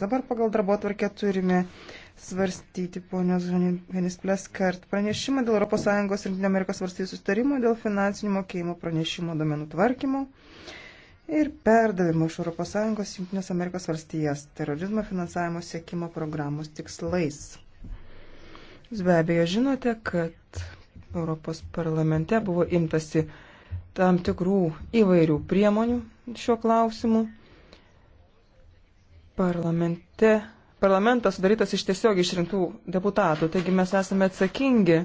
Dabar pagal darbo atvarkę turime svarstyti ponios Henis Pleskart pranešimą dėl ES ir Amerikos valstybių sustarimo dėl finansinių mokėjimų pranešimo domenų tvarkymo ir perdavimo iš ES Junktinės Amerikos valstijas terorizmo finansavimo siekimo programos tikslais. Jūs be abejo žinote, kad Europos parlamente buvo imtasi tam tikrų įvairių priemonių šiuo klausimu parlamente, parlamentas sudarytas iš tiesiog išrinktų deputatų, taigi mes esame atsakingi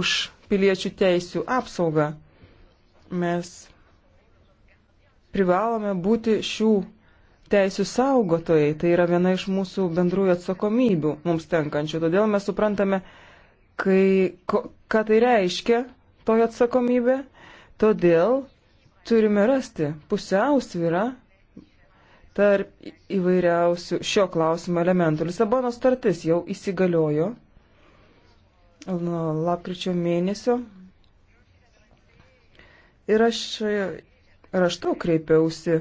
už piliečių teisių apsaugą. Mes privalome būti šių teisių saugotojai, tai yra viena iš mūsų bendrųjų atsakomybių mums tenkančių. Todėl mes suprantame, kai, ko, ką tai reiškia toji atsakomybė, todėl turime rasti pusiausvyrą tarp įvairiausių šio klausimo elementų. Lisabono startis jau įsigaliojo nuo lapkričio mėnesio. Ir aš raštu kreipiausi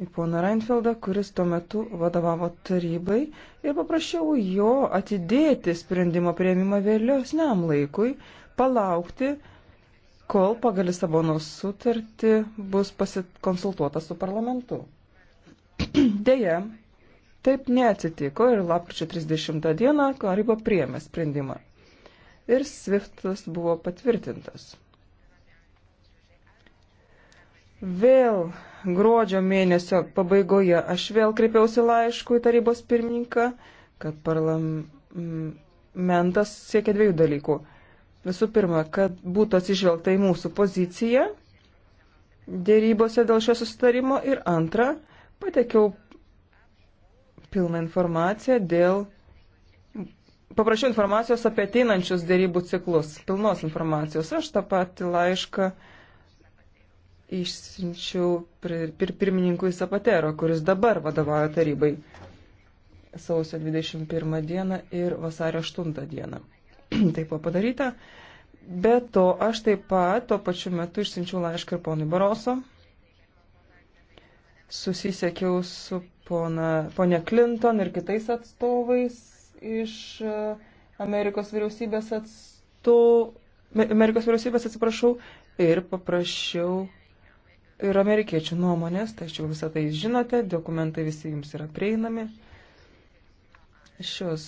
į poną Reinfeldą, kuris tuo metu vadovavo tarybai ir paprašiau jo atidėti sprendimo prieimimą vėliausniam laikui, palaukti, kol pagal Lisabonos sutartį bus pasikonsultuota su parlamentu. Deja, taip neatsitiko ir lapkričio 30 dieną Kariba priėmė sprendimą. Ir Swiftas buvo patvirtintas. Vėl gruodžio mėnesio pabaigoje aš vėl kreipiausi laišku į tarybos pirmininką, kad parlamentas siekia dviejų dalykų visų pirma, kad būtų atsižvelgta į mūsų poziciją dėrybose dėl šio susitarimo ir antra, patekiau pilną informaciją dėl, paprašiau informacijos apie ateinančius dėrybų ciklus, pilnos informacijos. Aš tą patį laišką išsinčiau pir, pir, pirmininkui Sapatero, kuris dabar vadovauja tarybai sausio 21 dieną ir vasario 8 dieną. tai buvo padaryta. Be to, aš taip pat tuo pačiu metu išsinčiau laišką ir ponui Baroso. Susisiekiau su pona, ponia Clinton ir kitais atstovais iš e, Amerikos vyriausybės atstovų. Amerikos vyriausybės atsiprašau ir paprašiau ir amerikiečių nuomonės, tačiau visą tai žinote, dokumentai visi jums yra prieinami. Šios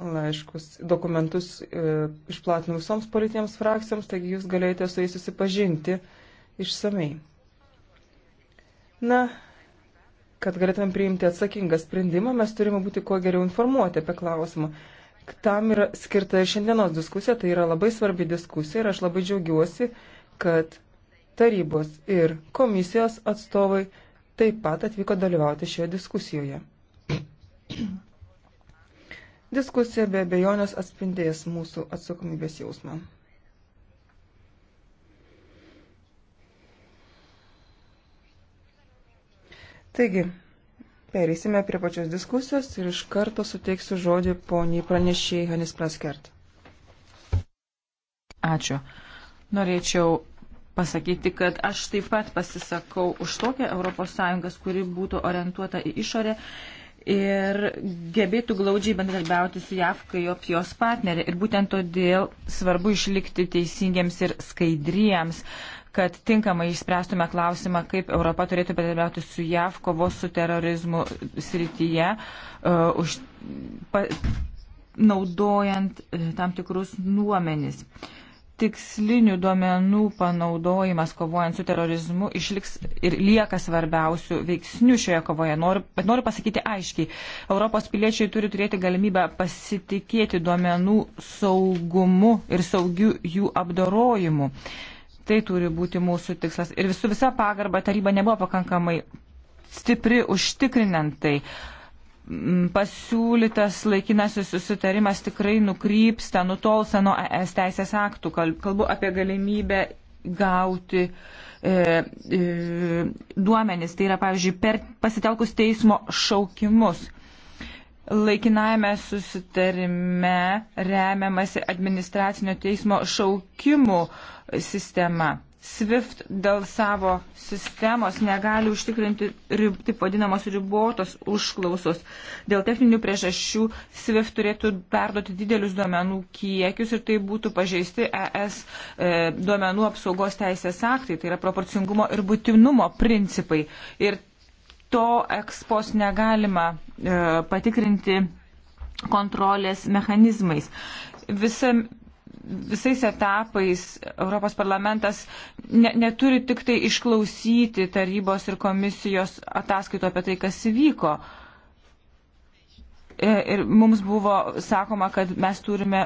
laiškus, dokumentus e, išplatinu visoms politinėms frakcijoms, taigi jūs galėjote su jais susipažinti išsamei. Na, kad galėtumėm priimti atsakingą sprendimą, mes turime būti kuo geriau informuoti apie klausimą. Tam yra skirta ir šiandienos diskusija, tai yra labai svarbi diskusija ir aš labai džiaugiuosi, kad tarybos ir komisijos atstovai taip pat atvyko dalyvauti šioje diskusijoje. Diskusija be abejonės atspindės mūsų atsakomybės jausmą. Taigi, pereisime prie pačios diskusijos ir iš karto suteiksiu žodį poniai pranešėjai Hanis Praskert. Ačiū. Norėčiau pasakyti, kad aš taip pat pasisakau už tokią ES, kuri būtų orientuota į išorę ir gebėtų glaudžiai bendradarbiauti su JAV kaip jos partnerė. Ir būtent todėl svarbu išlikti teisingiems ir skaidriems, kad tinkamai išspręstume klausimą, kaip Europa turėtų bendradarbiauti su JAV kovos su terorizmu srityje, uh, už, pa, naudojant uh, tam tikrus nuomenis. Uh, tikslinių duomenų panaudojimas kovojant su terorizmu išliks ir lieka svarbiausių veiksnių šioje kovoje. Noriu, bet noriu pasakyti aiškiai, Europos piliečiai turi turėti galimybę pasitikėti duomenų saugumu ir saugiu jų apdorojimu. Tai turi būti mūsų tikslas. Ir visų visa pagarba taryba nebuvo pakankamai stipri užtikrinant tai. Uh, pasiūlytas laikinasis susitarimas tikrai nukrypsta, nutolsta nuo ES teisės aktų. Kalbu apie galimybę gauti e, e, duomenis, tai yra, pavyzdžiui, per, pasitelkus teismo šaukimus. Laikinajame susitarime remiamasi administracinio teismo šaukimų sistema. SWIFT dėl savo sistemos negali užtikrinti rib, taip vadinamos ribotos užklausos. Dėl techninių priežasčių SWIFT turėtų perduoti didelius duomenų kiekius ir tai būtų pažeisti ES e, duomenų apsaugos teisės aktai, tai yra proporcingumo ir būtinumo principai. Ir to ekspos negalima e, patikrinti kontrolės mechanizmais. Visa visais etapais Europos parlamentas ne, neturi tik tai išklausyti tarybos ir komisijos ataskaito apie tai, kas įvyko. E, ir mums buvo sakoma, kad mes turime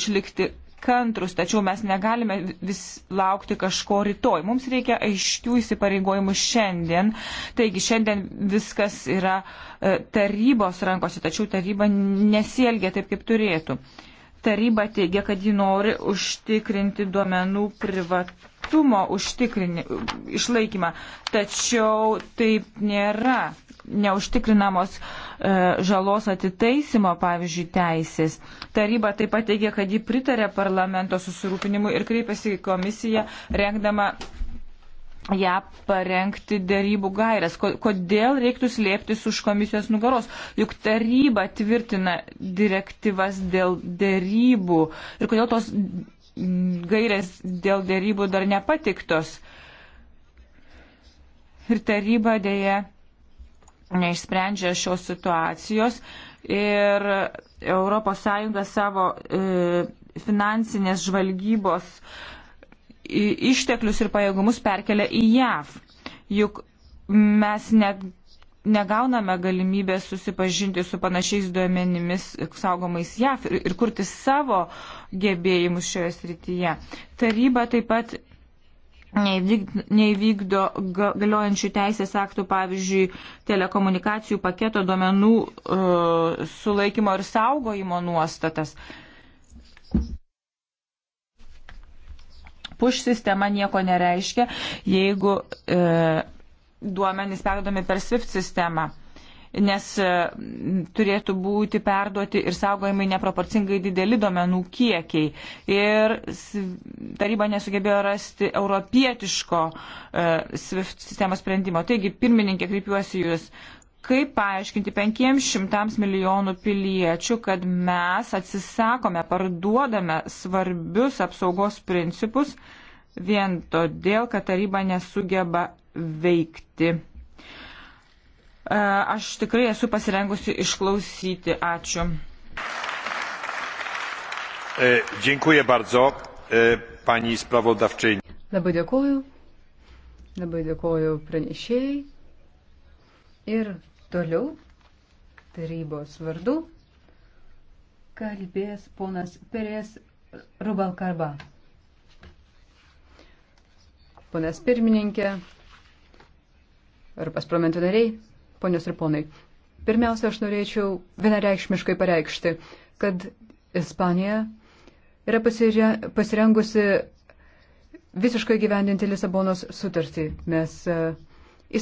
išlikti kantrus, tačiau mes negalime vis laukti kažko rytoj. Mums reikia aiškių įsipareigojimų šiandien. Taigi šiandien viskas yra e, tarybos rankose, tačiau taryba nesielgia taip, kaip turėtų. Uh, Taryba teigia, kad ji nori užtikrinti duomenų privatumo užtikrinį, išlaikymą, tačiau taip nėra. Neužtikrinamos e, žalos atitaisimo, pavyzdžiui, teisės. Taryba taip pat teigia, kad ji pritarė parlamento susirūpinimu ir kreipėsi į komisiją, rengdama ją ja, parengti dėrybų gairias. Kodėl reiktų slėptis už komisijos nugaros? Juk taryba tvirtina direktyvas dėl dėrybų. Ir kodėl tos gairės dėl dėrybų dar nepatiktos? Ir taryba dėja neišsprendžia šios situacijos. Ir ES savo e, finansinės žvalgybos e, išteklius ir pajėgumus perkelia į JAV. Juk mes net negauname galimybės susipažinti su panašiais duomenimis saugomais JAF ir, ir kurti savo gebėjimus šioje srityje. Taryba taip pat neįvykdo galiojančių teisės aktų, pavyzdžiui, telekomunikacijų paketo duomenų uh, sulaikymo ir saugojimo nuostatas. Uh, Push sistema nieko nereiškia, jeigu e, duomenys perdodami per SWIFT sistemą nes e, turėtų būti perduoti ir saugojimai neproporcingai dideli domenų kiekiai. Ir taryba nesugebėjo rasti europietiško e, SWIFT sistemos sprendimo. Taigi, pirmininkė, kreipiuosi Jūs, Kaip paaiškinti 500 milijonų piliečių, kad mes atsisakome, parduodame svarbius apsaugos principus vien todėl, kad taryba nesugeba veikti. E, aš tikrai esu pasirengusi išklausyti. Ačiū. E, dziękuję bardzo, e, pani spravodavčiai. Labai dėkuoju. Labai dėkuoju pranešėjai. Ir Toliau tarybos vardu kalbės ponas Perės Rubalkarba. Ponas pirmininkė, Europos parlamento nariai, ponios ir ponai. Pirmiausia, aš norėčiau vienareikšmiškai pareikšti, kad Ispanija yra pasirengusi visiškai gyvendinti Lisabonos sutartį. Mes e,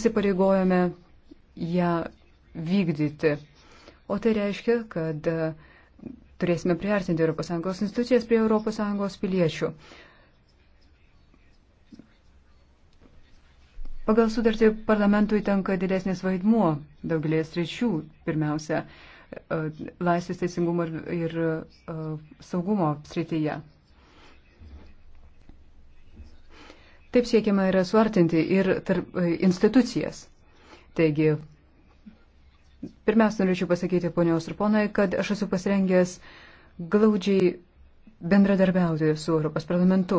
įsipareigojome ją vykdyti. O tai reiškia, kad e, turėsime priartinti ES institucijas prie ES piliečių. Pagal sudartį parlamentui tenka didesnis vaidmuo daugelės ryčių. Pirmiausia, e, laisvės teisingumo ir e, saugumo srityje. Taip siekiama yra suartinti ir tarp institucijas. Taigi, Pirmiausia, norėčiau pasakyti, ponios ir ponai, kad aš esu pasirengęs glaudžiai bendradarbiauti su Europos parlamentu.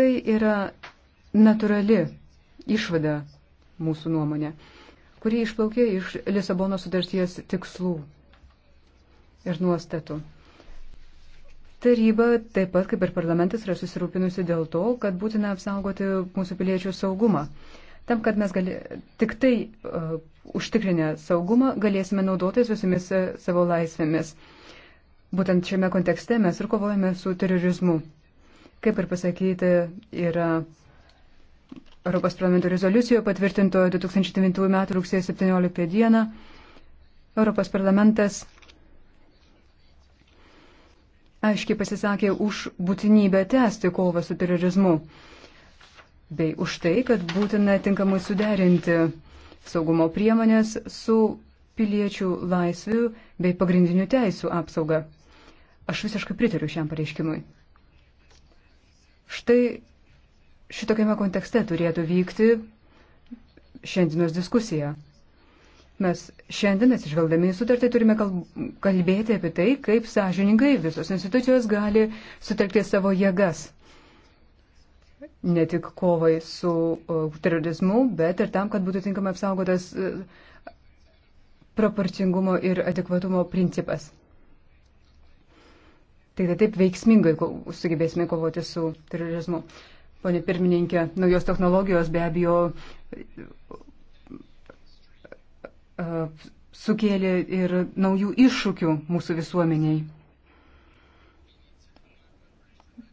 Tai yra natūrali išvada mūsų nuomonė, kuri išplaukė iš Lisabono sudarties tikslų ir nuostatų. Taryba taip pat kaip ir parlamentas yra susirūpinusi dėl to, kad būtina apsaugoti mūsų piliečių saugumą. Tam, kad mes gali, tik tai uh, užtikrinę saugumą galėsime naudotis visomis uh, savo laisvėmis. Būtent šiame kontekste mes ir kovojame su terorizmu. Kaip ir pasakyti, yra Europos parlamento rezoliucijoje patvirtinto 2009 m. rugsėjo 17 d. Europos parlamentas aiškiai pasisakė už būtinybę tęsti kovą su terorizmu bei už tai, kad būtina tinkamai suderinti saugumo priemonės su piliečių laisvių bei pagrindinių teisų apsauga. Aš visiškai pritariu šiam pareiškimui. Štai šitokiame kontekste turėtų vykti šiandienos diskusija. Mes šiandien atsižvelgdami į sutartį turime kalbėti apie tai, kaip sąžiningai visos institucijos gali sutelkti savo jėgas ne tik kovai su e, terorizmu, bet ir tam, kad būtų tinkamai apsaugotas e, proporcingumo ir adekvatumo principas. Tai tai taip veiksmingai sugebėsime kovoti su terorizmu. Pone pirmininkė, naujos technologijos be abejo e, sukėlė ir naujų iššūkių mūsų visuomeniai.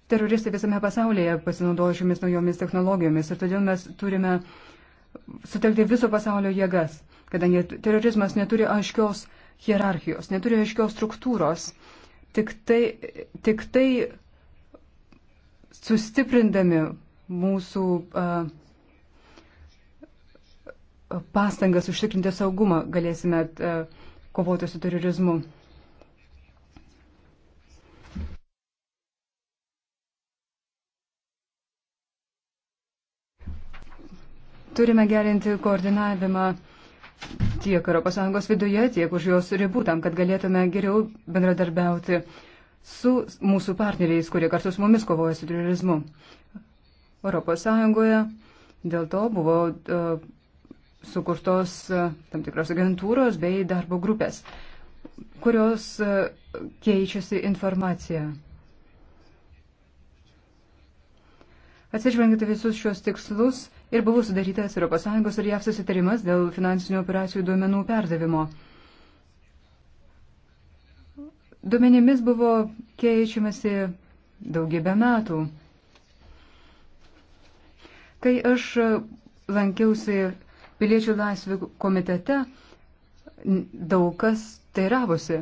Teroristai visame pasaulyje pasinaudojo šiomis naujomis technologijomis ir todėl mes turime sutelkti viso pasaulio jėgas, kadangi terorizmas neturi aiškios hierarchijos, neturi aiškios struktūros. Tik tai, tik tai sustiprindami mūsų uh, pastangas užtikrinti saugumą galėsime uh, kovoti su terorizmu. turime gerinti koordinavimą tiek ES viduje, tiek už jos ribų, tam, kad galėtume geriau bendradarbiauti su mūsų partneriais, kurie kartu su mumis kovoja su terorizmu. ES dėl to buvo uh, sukurtos uh, tam tikros agentūros bei darbo grupės, kurios uh, keičiasi informaciją. Atsižvelgiant visus šios tikslus, ir buvo sudarytas ES ir JAV susitarimas dėl finansinių operacijų duomenų perdavimo. Duomenimis buvo keičiamasi daugybę metų. Kai aš lankiausi piliečių laisvių komitete, daug kas teiravosi,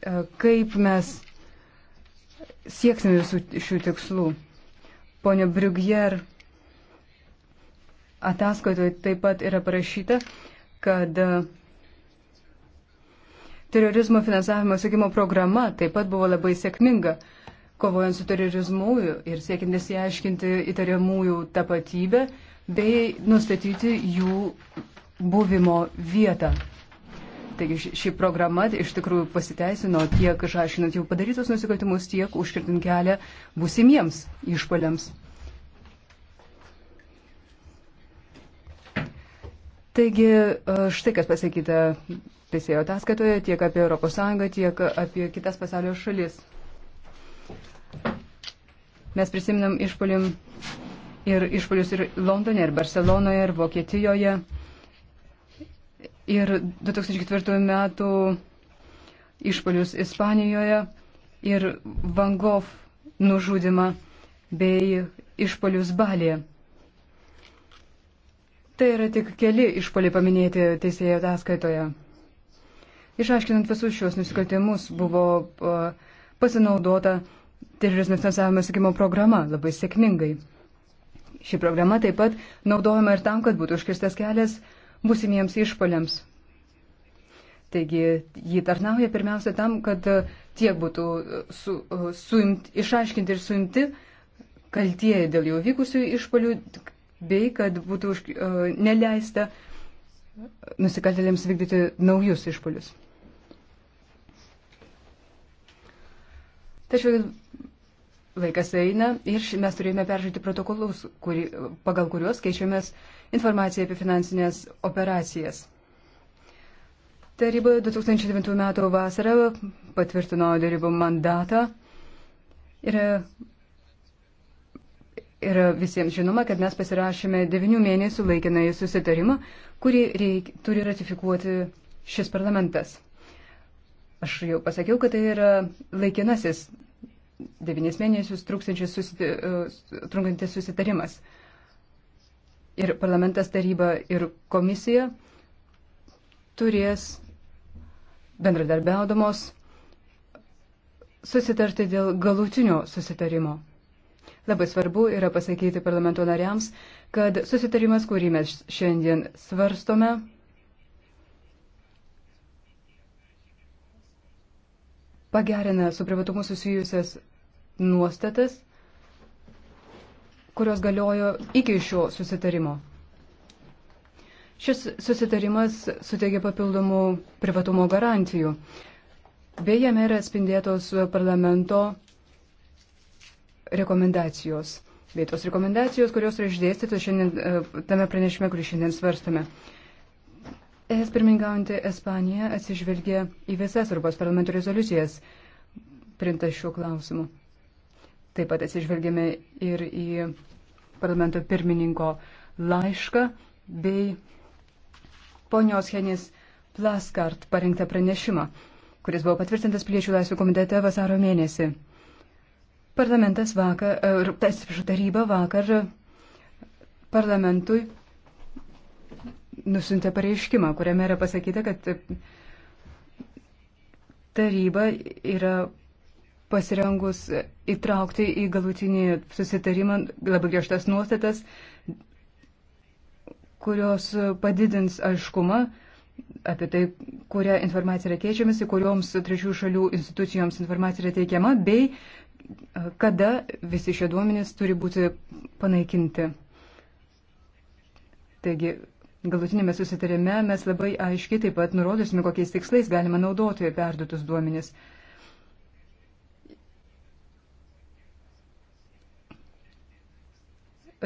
e, kaip mes sieksime visų šių tikslų ponio Briugjer ataskaitoje taip pat yra parašyta, kad e, terorizmo finansavimo sėkimo programa taip pat buvo labai sėkminga, kovojant su terorizmu ir siekiant nesiaiškinti įtariamųjų tapatybę bei nustatyti jų buvimo vietą. Taigi ši programa iš tikrųjų pasiteisino tiek žašinant jau padarytus nusikaltimus, tiek užkirtant kelią būsimiems išpaliams. Taigi e, štai kas pasakyta PCO ataskaitoje tiek apie ES, tiek apie kitas pasaulio šalis. Mes prisiminam išpolim ir išpolius ir Londone, ir Barcelonoje, ir Vokietijoje ir 2004 metų išpolius Ispanijoje ir Van Gogh nužudimą bei išpolius Balėje. Tai yra tik keli išpoliai paminėti teisėjo ataskaitoje. Išaiškinant visus šios nusikaltimus buvo pasinaudota terorizmo finansavimo sėkimo programa labai sėkmingai. Ši programa taip pat naudojama ir tam, kad būtų užkirstas kelias uh, busimiems išpoliams. Taigi jį tarnauja pirmiausia tam, kad e, tie būtų e, su, e, suimt, išaiškinti ir suimti kaltieji dėl jau vykusių išpolių, bei kad būtų už, uh, neleista nusikaltėlėms vykdyti naujus išpolius. Tačiau laikas eina ir mes turėjome peržiūrėti protokolus, kuri, pagal kuriuos keičiamės informaciją apie finansinės operacijas. Taryba 2009 m. vasarą patvirtino darybų mandatą ir, ir visiems žinoma, kad mes pasirašėme 9 mėnesių laikinai susitarimą, kurį reik, turi ratifikuoti šis parlamentas. Aš jau pasakiau, kad tai yra laikinasis devynis mėnesius susita, e, trunkantis susitarimas. Ir parlamentas taryba ir komisija turės bendradarbiaudamos susitarti dėl galutinio susitarimo. Labai svarbu yra pasakyti parlamento nariams, kad susitarimas, kurį mes šiandien svarstome, pagerina su privatumu susijusias nuostatas, kurios galiojo iki šio susitarimo. Šis susitarimas suteikia papildomų privatumo garantijų. Beje, jame yra atspindėtos parlamento rekomendacijos. Bei tos rekomendacijos, kurios yra išdėstytos šiandien e, tame pranešime, kurį šiandien svarstame. Es pirmininkaujantį Ispaniją atsižvelgia į visas Europos parlamento rezoliucijas printas šiuo klausimu. Taip pat atsižvelgiame ir į parlamento pirmininko laišką bei ponios Henis Plaskart parengtą pranešimą, kuris buvo patvirtintas Piliečių laisvių komitete vasaro mėnesį. Parlamentas vakar, er, atsiprašau, taryba vakar parlamentui nusintė pareiškimą, kuriame yra pasakyta, kad taryba yra pasirengus įtraukti į galutinį susitarimą labai griežtas nuostatas, kurios padidins aiškumą apie tai, kurią informacija yra keičiamasi, kurioms trečių šalių institucijoms informacija yra teikiama, bei kada visi šie duomenys turi būti panaikinti. Taigi Galutinėme susitarime mes labai aiškiai taip pat nurodysime, kokiais tikslais galima naudoti perdutus duomenis.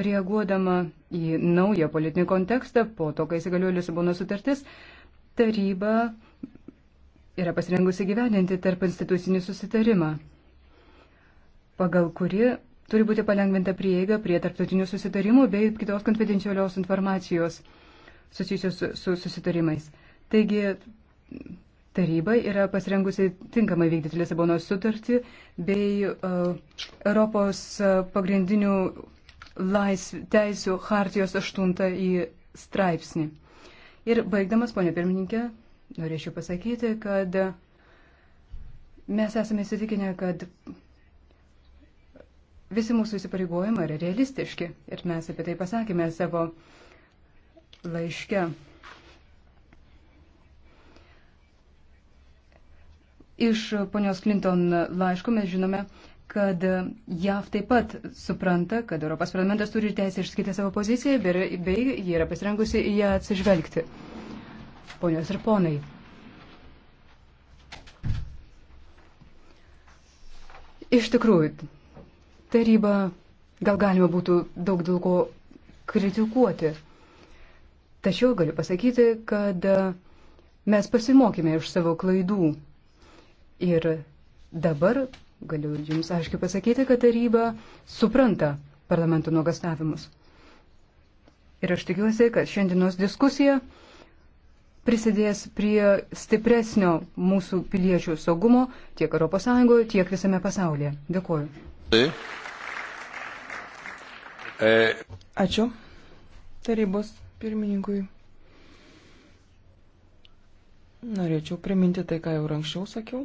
Reaguodama į naują politinį kontekstą, po to, kai įsigaliuoja Lisabono sutartis, taryba yra pasirengusi gyveninti tarp institucinį susitarimą, pagal kuri turi būti palengvinta prieiga prie tarptautinių susitarimų bei kitos konfidencialios informacijos susijusios su, su susitarimais. Taigi taryba yra pasirengusi tinkamai vykdyti Lisabonos sutartį bei uh, Europos uh, pagrindinių laisv, teisių hartijos aštuntą į straipsnį. Ir baigdamas, ponė pirmininkė, norėčiau pasakyti, kad mes esame įsitikinę, kad visi mūsų įsipareigojimai yra realistiški ir mes apie tai pasakėme savo uh, laiške. Iš ponios Clinton laiško mes žinome, kad JAV taip pat supranta, kad Europos parlamentas turi teisę išskirti savo poziciją, bei, bei jie yra pasirengusi į ją atsižvelgti. Ponios ir ponai. Iš tikrųjų, taryba gal galima būtų daug dėl ko kritikuoti. Tačiau galiu pasakyti, kad e, mes pasimokėme iš savo klaidų. Ir dabar galiu Jums aiškiai pasakyti, kad taryba supranta parlamento nuogastavimus. Ir aš tikiuosi, kad šiandienos diskusija prisidės prie stipresnio mūsų piliečių saugumo tiek ES, tiek visame pasaulyje. Dėkuoju. Ačiū. Tarybos pirmininkui. Norėčiau priminti tai, ką jau anksčiau sakiau.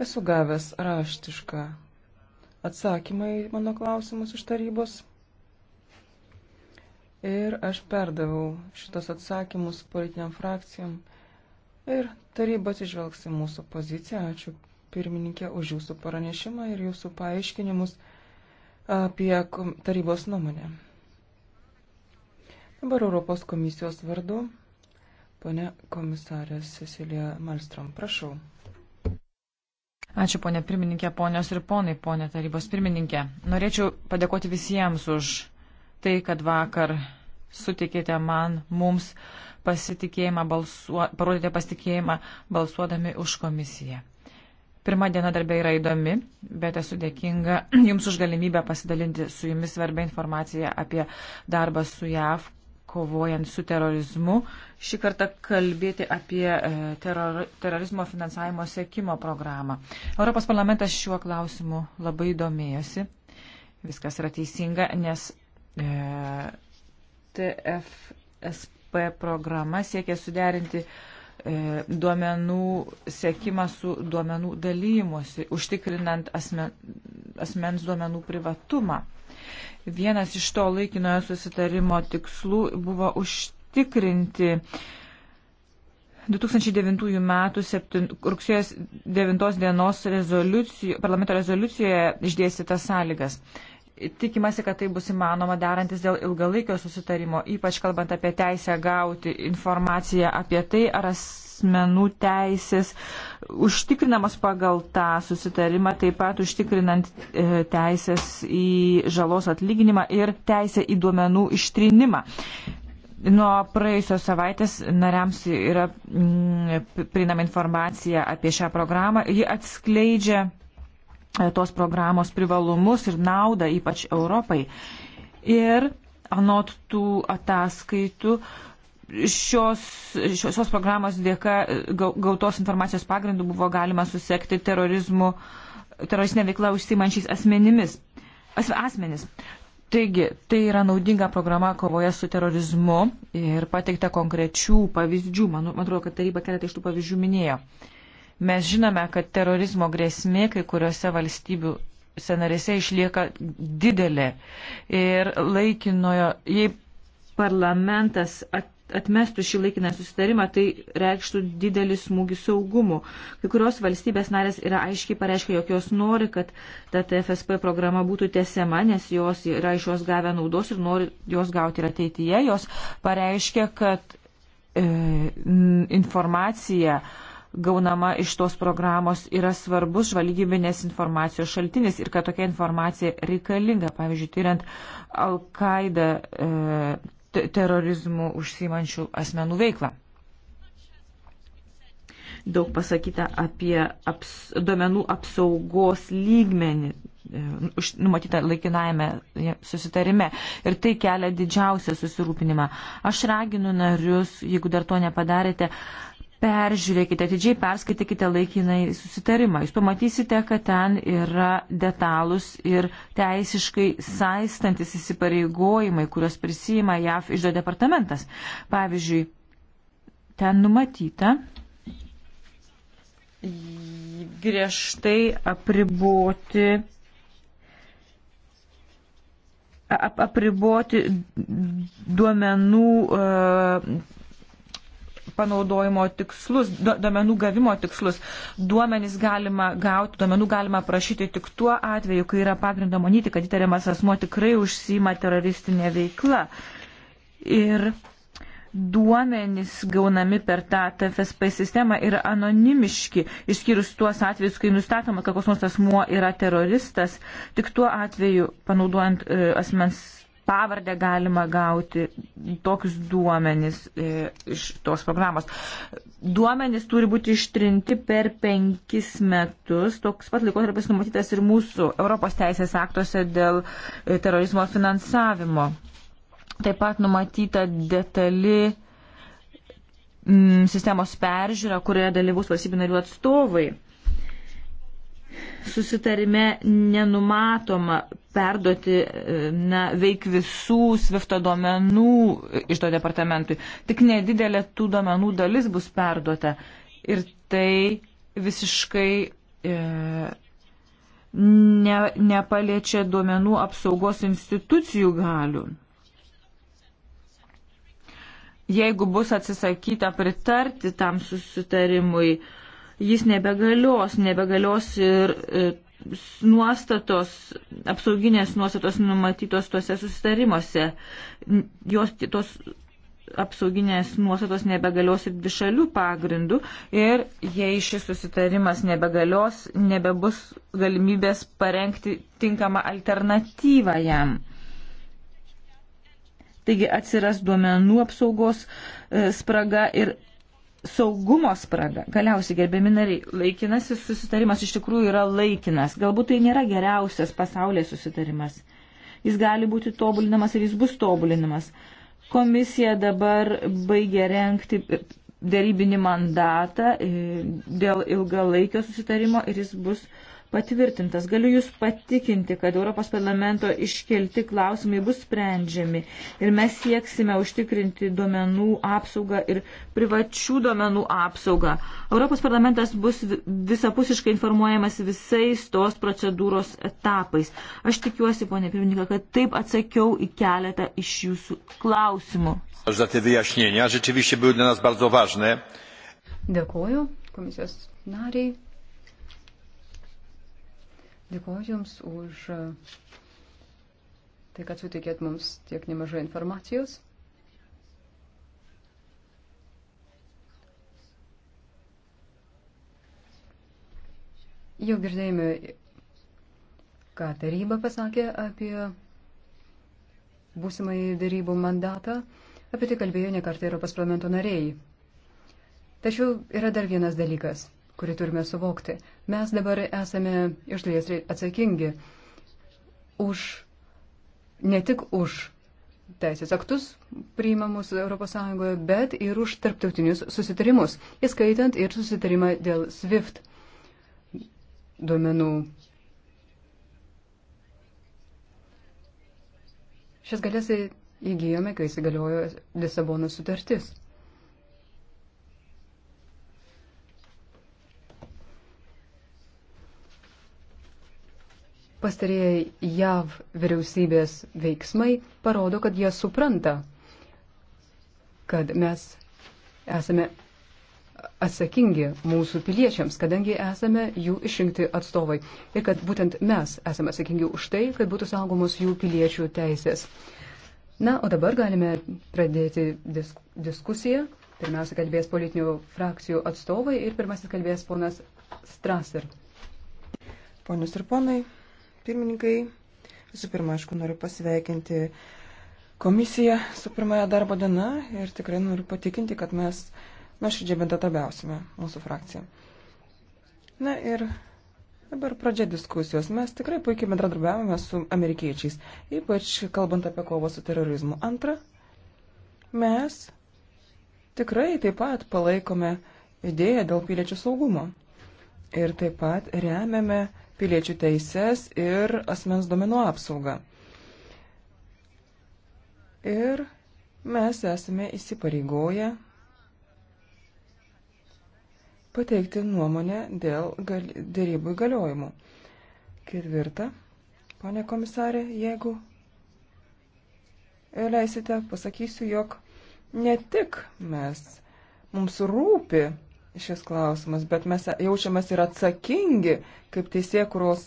Esu gavęs raštišką atsakymą į mano klausimus iš tarybos. Ir aš perdaviau šitos atsakymus politiniam frakcijam. Ir taryba atsižvelgs į mūsų poziciją. Ačiū pirmininkė už jūsų pranešimą ir jūsų paaiškinimus apie tarybos nuomonę. Dabar Europos komisijos vardu Pone komisarė Cecilija Malstrom, prašau. Ačiū, ponė pirmininkė, ponios ir ponai, ponė tarybos pirmininkė. Norėčiau padėkoti visiems už tai, kad vakar sutikėte man, mums pasitikėjimą, balsuo, parodėte pasitikėjimą balsuodami už komisiją. Pirma diena darbė yra įdomi, bet esu dėkinga Jums už galimybę pasidalinti su Jumis svarbę informaciją apie darbą su JAV, kovojant su terorizmu. Šį kartą kalbėti apie e, teror, terorizmo finansavimo sėkimo programą. Europos parlamentas šiuo klausimu labai domėjosi. Viskas yra teisinga, nes e, TFSP programa siekia suderinti e, E, duomenų sėkimą su duomenų dalymosi, užtikrinant asmen, asmens duomenų privatumą. Vienas iš to laikinojo susitarimo tikslų buvo užtikrinti 2009 m. 7, rugsėjo 9 dienos rezoliucijų, parlamento rezoliucijoje išdėstytas sąlygas. Tikimasi, kad tai bus įmanoma derantis dėl ilgalaikio susitarimo, ypač kalbant apie teisę gauti informaciją apie tai, ar asmenų teisės užtikrinamos pagal tą susitarimą, taip pat užtikrinant e, teisės į žalos atlyginimą ir teisę į duomenų ištrinimą. Nuo praėjusios savaitės nariams yra mm, prieinama informacija apie šią programą. Ji atskleidžia E, tos programos privalumus ir naudą, ypač Europai. Ir anot tų ataskaitų, šios, šios, šios programos dėka e, gautos informacijos pagrindų buvo galima susekti terorizmų, teroristinė veikla užsimančiais asmenimis. As, asmenis. Taigi, tai yra naudinga programa kovoje su terorizmu ir pateikta konkrečių pavyzdžių. Man, man atrodo, kad taryba keletą iš tų pavyzdžių minėjo. Uh, Mes žinome, kad terorizmo grėsmė kai kuriuose valstybių senarėse išlieka didelė. Ir laikinojo, jei parlamentas atmestų šį laikiną susitarimą, tai reikštų didelį smūgį saugumu. Kai kurios valstybės narės yra aiškiai pareiškia, jog jos nori, kad ta TFSP programa būtų tesiama, nes jos yra iš jos gavę naudos ir nori jos gauti ir ateityje. Jos pareiškia, kad e, informacija e, gaunama iš tos programos yra svarbus žvalgybinės informacijos šaltinis ir kad tokia informacija reikalinga, pavyzdžiui, tyriant Al-Qaeda e, terorizmų užsimančių asmenų veiklą. Daug pasakyta apie aps, duomenų apsaugos lygmenį e, numatyta laikinajame e, susitarime. Ir tai kelia didžiausią susirūpinimą. Aš raginu narius, jeigu dar to nepadarėte, uh, Peržiūrėkite, atidžiai perskaitykite laikinai susitarimą. Jūs pamatysite, kad ten yra detalus ir teisiškai saistantis įsipareigojimai, kuriuos prisima JAF išdo departamentas. Pavyzdžiui, ten numatyta griežtai apriboti apriboti duomenų e, panaudojimo tikslus, duomenų gavimo tikslus. Duomenys galima gauti, duomenų galima prašyti tik tuo atveju, kai yra pagrindo manyti, kad įtariamas asmo tikrai užsima teroristinė veikla. Ir duomenys gaunami per tą TFSP sistemą yra anonimiški, išskyrus tuos atvejus, kai nustatoma, kad kosmos asmuo yra teroristas, tik tuo atveju, panaudojant e, asmens pavardę galima gauti tokius duomenis e, iš tos programos. Duomenis turi būti ištrinti per penkis metus. Toks pat laikotarpis numatytas ir mūsų Europos teisės aktuose dėl e, terorizmo finansavimo. Taip pat numatyta detali mm, sistemos peržiūra, kurioje dalyvaus valstybių narių atstovai susitarime nenumatoma perduoti e, na, veik visų svifto duomenų iždo departamentui. Tik nedidelė tų duomenų dalis bus perduota. Ir tai visiškai e, ne, nepaliečia duomenų apsaugos institucijų galių. Jeigu bus atsisakyta pritarti tam susitarimui, e, jis nebegalios, nebegalios ir e, nuostatos, apsauginės nuostatos numatytos tuose susitarimuose. Jos tos apsauginės nuostatos nebegalios ir dvišalių pagrindų ir jei šis susitarimas nebegalios, nebebus galimybės parengti tinkamą alternatyvą jam. Taigi atsiras duomenų apsaugos e, spraga ir saugumo spraga. Galiausiai, gerbiami nariai, laikinasis susitarimas iš tikrųjų yra laikinas. Galbūt tai nėra geriausias pasaulyje susitarimas. Jis gali būti tobulinamas ir jis bus tobulinamas. Komisija dabar baigė renkti dėrybinį mandatą e, dėl ilgalaikio susitarimo ir jis bus patvirtintas. Galiu Jūs patikinti, kad Europos parlamento iškelti klausimai bus sprendžiami ir mes sieksime užtikrinti duomenų apsaugą ir privačių duomenų apsaugą. Europos parlamentas bus visapusiškai informuojamas visais tos procedūros etapais. Aš tikiuosi, ponė pirmininkė, kad taip atsakiau į keletą iš Jūsų klausimų. Za te wyjaśnienia. Rzeczywiście były dla nas bardzo ważne. Dėkuoju komisijos nariai. Dėkuoju Jums už tai, kad suteikėt mums tiek nemažai informacijos. Jau girdėjome, ką taryba pasakė apie būsimąjį darybų mandatą. Apie tai kalbėjo nekart Europos parlamento nariai. Tačiau yra dar vienas dalykas – kurį turime suvokti. Mes dabar esame iš dalies atsakingi už, ne tik už teisės aktus priimamus ES, bet ir už tarptautinius susitarimus, įskaitant ir susitarimą dėl SWIFT duomenų. Šias galės įgyjome, kai įsigaliojo Lisabono sutartis. pastarėjai JAV vyriausybės veiksmai parodo, kad jie supranta, kad mes esame atsakingi mūsų piliečiams, kadangi esame jų išrinkti atstovai ir kad būtent mes esame atsakingi už tai, kad būtų saugomos jų piliečių teisės. Na, o dabar galime pradėti disk diskusiją. Pirmiausia, kalbės politinių frakcijų atstovai ir pirmasis kalbės ponas Strasser. Ponius ir ponai, pirmininkai. Visų pirma, aišku, noriu pasveikinti komisiją su pirmąją darbo diena ir tikrai noriu patikinti, kad mes nuoširdžiai bendratabiausime mūsų frakciją. Na ir dabar pradžia diskusijos. Mes tikrai puikiai bendradarbiavome su amerikiečiais, ypač kalbant apie kovą su terorizmu. Antra, mes tikrai taip pat palaikome idėją dėl piliečių saugumo. Ir taip pat remiame piliečių teises ir asmens domenų apsaugą. Ir mes esame įsipareigoję pateikti nuomonę dėl gal, dėrybų įgaliojimų. Ketvirta, ponė komisarė, jeigu leisite, pasakysiu, jog ne tik mes, mums rūpi šis klausimas, bet mes jaučiamės ir atsakingi kaip teisėkuros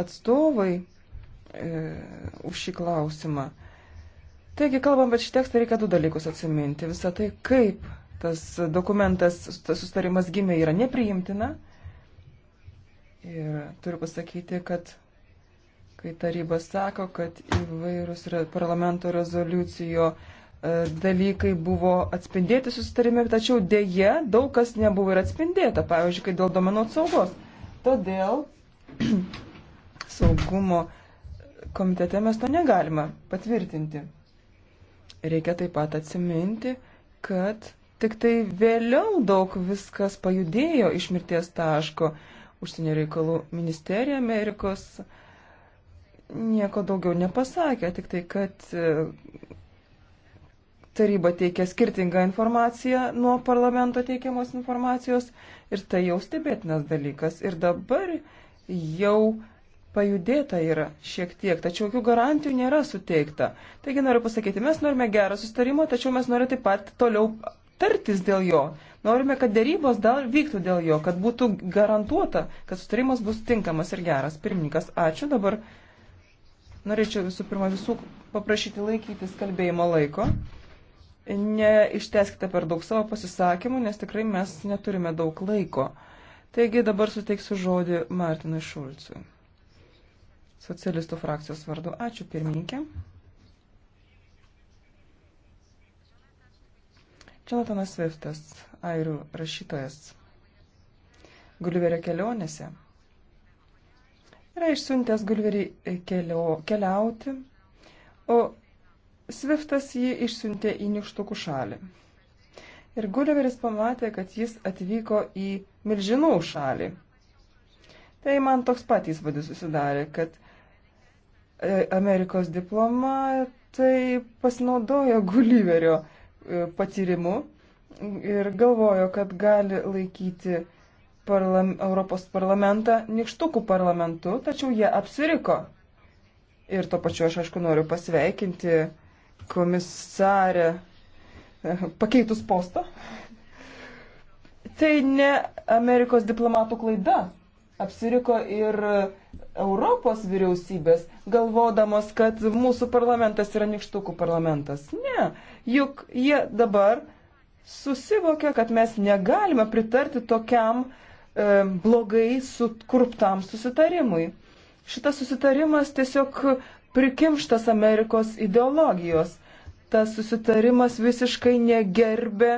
atstovai e, už šį klausimą. Taigi, kalbam apie šį tekstą, reikia du dalykus atsiminti. Visą tai, kaip tas dokumentas, tas sustarimas gimė, yra nepriimtina. Ir turiu pasakyti, kad kai taryba sako, kad įvairūs parlamento rezoliucijo E, dalykai buvo atspindėti susitarime, tačiau dėje daug kas nebuvo ir atspindėta, pavyzdžiui, kai dėl domenų apsaugos. Todėl saugumo komitete mes to negalime patvirtinti. Reikia taip pat atsiminti, kad tik tai vėliau daug viskas pajudėjo iš mirties taško. Užsienio reikalų ministerija Amerikos nieko daugiau nepasakė, tik tai, kad taryba teikia skirtingą informaciją nuo parlamento teikiamos informacijos ir tai jau stebėtinas dalykas. Ir dabar jau pajudėta yra šiek tiek, tačiau jokių garantijų nėra suteikta. Taigi noriu pasakyti, mes norime gerą sustarimą, tačiau mes norime taip pat toliau tartis dėl jo. Norime, kad dėrybos dar vyktų dėl jo, kad būtų garantuota, kad sustarimas bus tinkamas ir geras. Pirmininkas, ačiū. Dabar norėčiau visų pirma visų paprašyti laikytis kalbėjimo laiko neišteskite per daug savo pasisakymų, nes tikrai mes neturime daug laiko. Taigi dabar suteiksiu žodį Martinui Šulcui. Socialistų frakcijos vardu. Ačiū pirmininkė. Jonathanas Sviftas, airių rašytojas, Gulliverio kelionėse yra išsiuntęs Gulliverį kelio, keliauti, o Sviftas jį išsiuntė į Nikštukų šalį. Ir Gulliveris pamatė, kad jis atvyko į milžinų šalį. Tai man toks pat įspūdis susidarė, kad e, Amerikos diplomatai pasinaudojo Gulliverio e, patyrimu ir galvojo, kad gali laikyti parlam, Europos parlamentą nikštukų parlamentu, tačiau jie apsiriko. Ir to pačiu aš, aišku, noriu pasveikinti komisarė eh, pakeitus postą. Tai ne Amerikos diplomatų klaida. Apsiriko ir Europos vyriausybės, galvodamos, kad mūsų parlamentas yra nikštukų parlamentas. Ne, juk jie dabar susivokia, kad mes negalime pritarti tokiam e, blogai sukurptam susitarimui. Šitas susitarimas tiesiog prikimštas Amerikos ideologijos. Tas susitarimas visiškai negerbė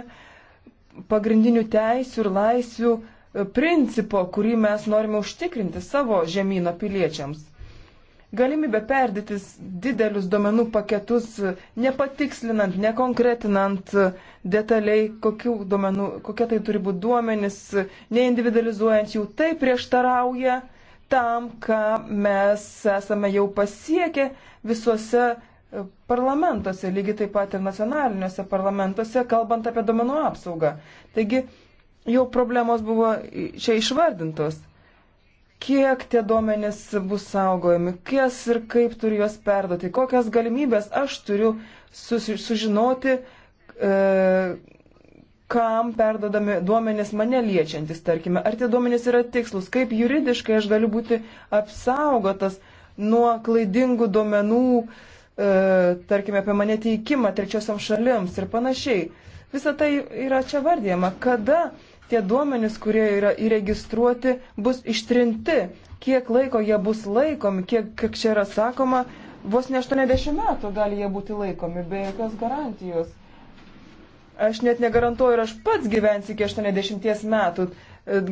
pagrindinių teisių ir laisvių e, principo, kurį mes norime užtikrinti savo žemyno piliečiams. Galimybė perdytis didelius duomenų paketus, e, nepatikslinant, nekonkretinant e, detaliai, duomenų, kokie tai turi būti duomenys, neindividualizuojant jų, tai prieštarauja uh, tam, ką mes esame jau pasiekę visuose e, parlamentuose, lygiai taip pat ir nacionaliniuose parlamentuose, kalbant apie domenų apsaugą. Taigi jau problemos buvo čia išvardintos. Kiek tie duomenys bus saugojami, kies ir kaip turiu juos perduoti, kokias galimybės aš turiu sužinoti, e, kam perdodami duomenys mane liečiantis, tarkime, ar tie duomenys yra tikslus, kaip juridiškai aš galiu būti apsaugotas nuo klaidingų duomenų, e, tarkime, apie mane teikimą trečiosiam šalims ir panašiai. Visą tai yra čia vardėma, kada tie duomenys, kurie yra įregistruoti, bus ištrinti, kiek laiko jie bus laikomi, kiek, kiek čia yra sakoma, vos ne 80 metų gali jie būti laikomi, be jokios garantijos. Aš net negarantuoju, ir aš pats gyvensiu iki 80 metų,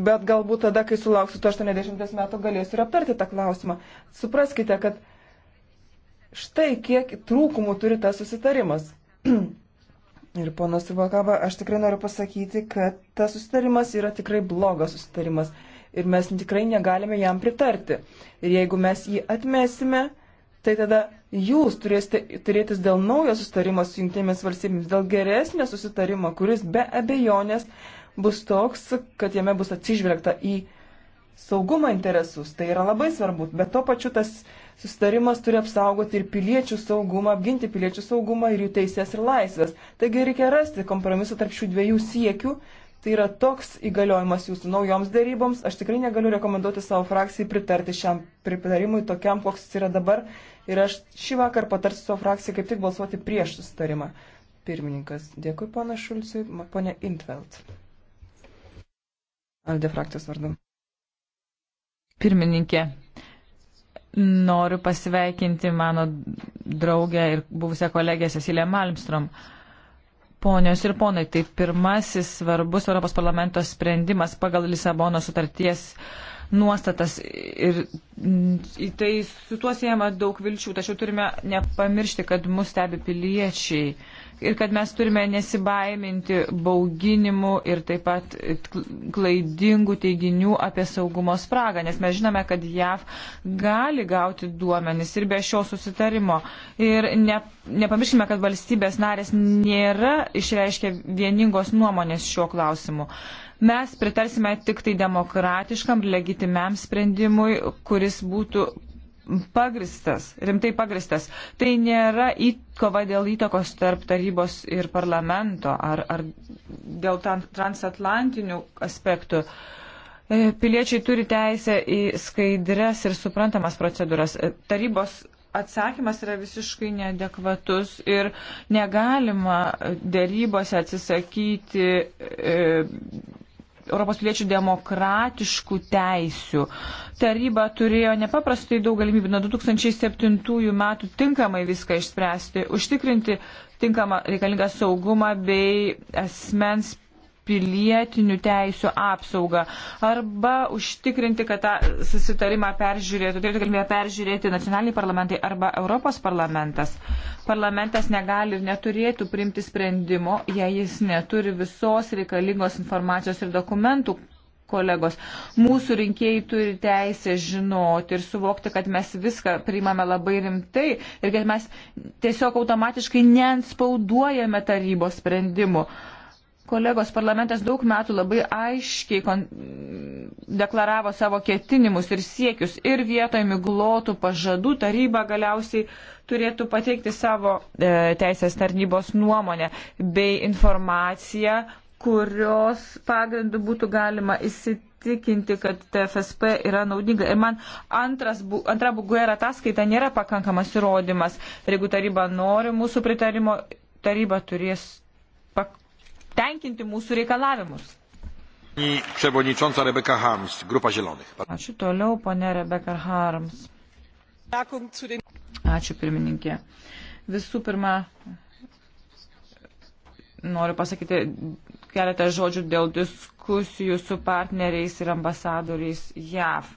bet galbūt tada, kai sulauksiu to 80 metų, galėsiu ir aptarti tą klausimą. Supraskite, kad štai kiek trūkumų turi tas susitarimas. ir ponas Subakaba, aš tikrai noriu pasakyti, kad tas susitarimas yra tikrai blogas susitarimas ir mes tikrai negalime jam pritarti. Ir jeigu mes jį atmesime, tai tada jūs turėsite turėtis dėl naujo susitarimo su jungtinėmis valstybėmis, dėl geresnio susitarimo, kuris be abejonės bus toks, kad jame bus atsižvelgta į saugumo interesus. Tai yra labai svarbu, bet to pačiu tas susitarimas turi apsaugoti ir piliečių saugumą, apginti piliečių saugumą ir jų teises ir laisvės. Taigi reikia rasti kompromisą tarp šių dviejų siekių. Tai yra toks įgaliojimas jūsų naujoms daryboms. Aš tikrai negaliu rekomenduoti savo frakcijai pritarti šiam pritarimui tokiam, koks jis yra dabar, Ir aš šį vakar patarsiu savo frakcijai kaip tik balsuoti prieš sustarimą. Pirmininkas, dėkui pana Šulciui, ponė Intveld. Alde frakcijos vardu. Pirmininkė, noriu pasveikinti mano draugę ir buvusią kolegę Cecilę Malmstrom. Ponios ir ponai, tai pirmasis svarbus Europos parlamento sprendimas pagal Lisabono sutarties uh, nuostatas ir į tai su tuo siejama daug vilčių, tačiau turime nepamiršti, kad mus stebi piliečiai ir kad mes turime nesibaiminti bauginimų ir taip pat klaidingų teiginių apie saugumo spragą, nes mes žinome, kad JAV gali gauti duomenis ir be šio susitarimo. Ir ne, nepamirškime, kad valstybės narės nėra išreiškę vieningos nuomonės šiuo klausimu. Uh, Mes pritarsime tik tai demokratiškam ir legitimiam sprendimui, kuris būtų pagristas, rimtai pagristas. Tai nėra kova dėl įtakos tarp tarybos ir parlamento ar, ar dėl transatlantinių aspektų. E, piliečiai turi teisę į skaidres ir suprantamas procedūras. E, tarybos atsakymas yra visiškai neadekvatus ir negalima e, dėrybose atsisakyti. E, Europos piliečių demokratiškų teisių. Taryba turėjo nepaprastai daug galimybių nuo 2007 metų tinkamai viską išspręsti, užtikrinti tinkamą reikalingą saugumą bei asmens pilietinių teisų apsaugą arba užtikrinti, kad tą susitarimą peržiūrėtų, turėtų galimybę peržiūrėti nacionaliniai parlamentai arba Europos parlamentas. Parlamentas negali ir neturėtų priimti sprendimo, jei jis neturi visos reikalingos informacijos ir dokumentų, kolegos, mūsų rinkėjai turi teisę žinoti ir suvokti, kad mes viską priimame labai rimtai ir kad mes tiesiog automatiškai nenspauduojame tarybos sprendimų. Kolegos parlamentas daug metų labai aiškiai kon... deklaravo savo ketinimus ir siekius ir vietoj miglotų pažadų taryba galiausiai turėtų pateikti savo e, teisės tarnybos nuomonę bei informaciją, kurios pagrindu būtų galima įsitikinti, kad TFSP yra naudinga. Ir man antras, antra buguera ataskaita nėra pakankamas įrodymas. Ir jeigu taryba nori mūsų pritarimo, taryba turės pak tenkinti mūsų reikalavimus. Ačiū toliau, ponė Rebeka Harms. Ačiū pirmininkė. Visų pirma, noriu pasakyti keletą žodžių dėl diskusijų su partneriais ir ambasadoriais JAV.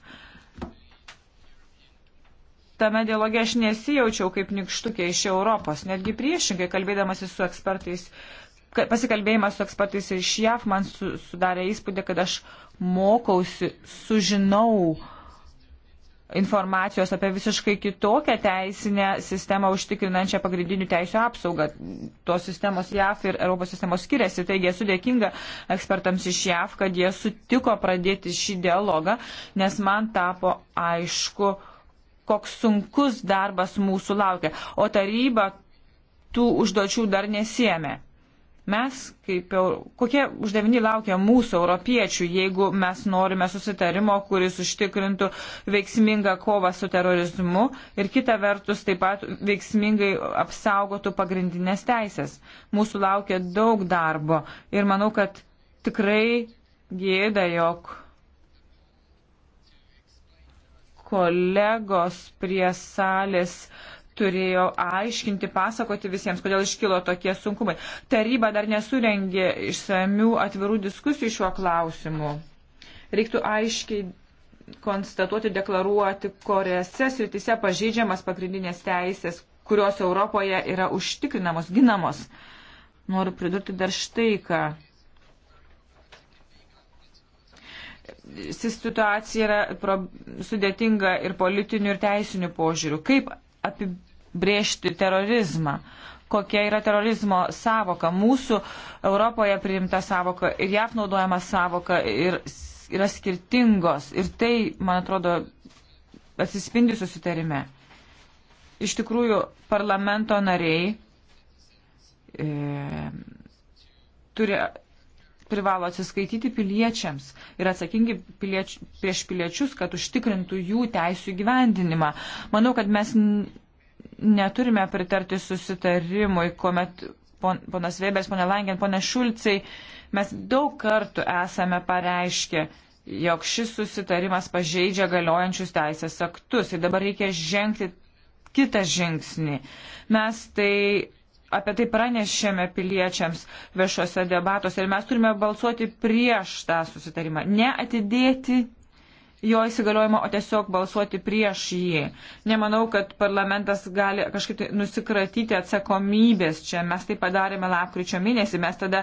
Tame dialoge aš nesijaučiau kaip nikštukė iš Europos, netgi priešingai kalbėdamasi su ekspertais pasikalbėjimas su ekspertais iš JAF man su, sudarė įspūdį, kad aš mokausi, sužinau informacijos apie visiškai kitokią teisinę sistemą užtikrinančią pagrindinių teisų apsaugą. Tos sistemos JAF ir Europos sistemos skiriasi, taigi esu dėkinga ekspertams iš JAF, kad jie sutiko pradėti šį dialogą, nes man tapo aišku, koks sunkus darbas mūsų laukia, o taryba tų užduočių dar nesėmė. Mes, kaip, kokie uždaviniai laukia mūsų europiečių, jeigu mes norime susitarimo, kuris užtikrintų veiksmingą kovą su terorizmu ir kita vertus taip pat veiksmingai apsaugotų pagrindinės teisės. Mūsų laukia daug darbo ir manau, kad tikrai gėda, jog kolegos prie salės turėjo aiškinti, pasakoti visiems, kodėl iškilo tokie sunkumai. Taryba dar nesurengė išsamių atvirų diskusijų šiuo klausimu. Reiktų aiškiai konstatuoti, deklaruoti, kuriuose sritise pažydžiamas pagrindinės teisės, kurios Europoje yra užtikrinamos, ginamos. Noriu pridurti dar štai ką. situacija yra pro, sudėtinga ir politiniu, ir teisiniu požiūriu. Kaip api, brėžti terorizmą. Kokia yra terorizmo savoka? Mūsų Europoje priimta savoka ir JAV naudojama savoka ir, yra skirtingos. Ir tai, man atrodo, atsispindi susitarime. Iš tikrųjų, parlamento nariai e, turi privalo atsiskaityti piliečiams ir atsakingi pilieč, prieš piliečius, kad užtikrintų jų teisų gyvendinimą. Manau, kad mes neturime pritarti susitarimui, kuomet ponas Vėbės, ponė Langin, ponė Šulcai, mes daug kartų esame pareiškę, jog šis susitarimas pažeidžia galiojančius teisės aktus ir dabar reikia žengti kitą žingsnį. Mes tai apie tai pranešėme piliečiams viešuose debatuose ir mes turime balsuoti prieš tą susitarimą, neatidėti jo įsigaliojimo, o tiesiog balsuoti prieš jį. Nemanau, kad parlamentas gali kažkaip tai nusikratyti atsakomybės čia. Mes tai padarėme lapkričio mėnesį, mes tada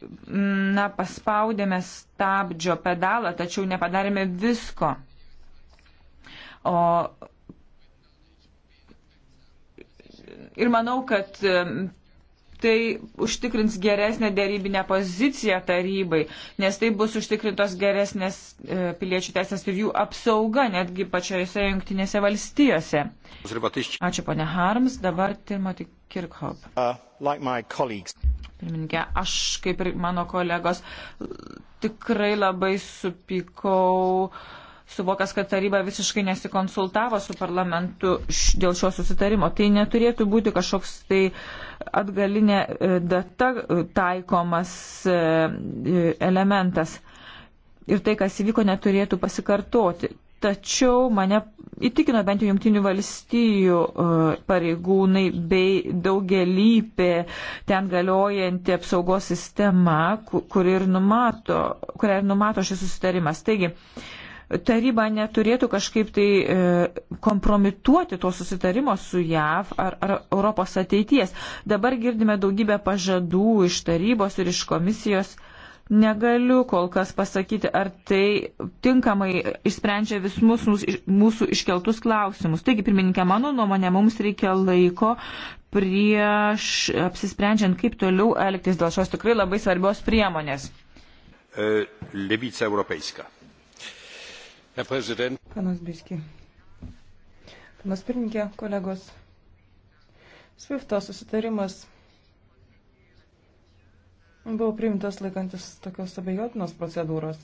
mm, na, paspaudėme stabdžio pedalą, tačiau nepadarėme visko. O ir manau, kad tai užtikrins geresnę dėrybinę poziciją tarybai, nes tai bus užtikrintos geresnės e, piliečių teisės ir jų apsauga netgi pačiose jungtinėse valstijose. Ačiū ponia Harms, dabar Timothy Kirkhop. Uh, like Pirmininkė, aš kaip ir mano kolegos tikrai labai supykau. Uh, suvokęs, kad taryba visiškai nesikonsultavo su parlamentu dėl šio susitarimo. Tai neturėtų būti kažkoks tai atgalinė e, data e, taikomas e, elementas. Ir tai, kas įvyko, neturėtų pasikartoti. Tačiau mane įtikino bent jau jungtinių valstijų pareigūnai bei daugelypė ten galiojanti apsaugos sistema, kur ir numato, kurią ir numato šis susitarimas. Taigi, uh, taryba neturėtų kažkaip tai e, kompromituoti to susitarimo su JAV ar, ar Europos ateities. Dabar girdime daugybę pažadų iš tarybos ir iš komisijos. Negaliu kol kas pasakyti, ar tai tinkamai išsprendžia visus mūsų iškeltus klausimus. Taigi, pirmininkė, mano nuomonė, mums reikia laiko prieš apsisprendžiant, kaip toliau elgtis dėl šios tikrai labai svarbios priemonės. E, levica europeiska Panas Biski. Panas pirmininkė, kolegos. Svifto susitarimas buvo priimtas laikantis tokios abejotinos procedūros.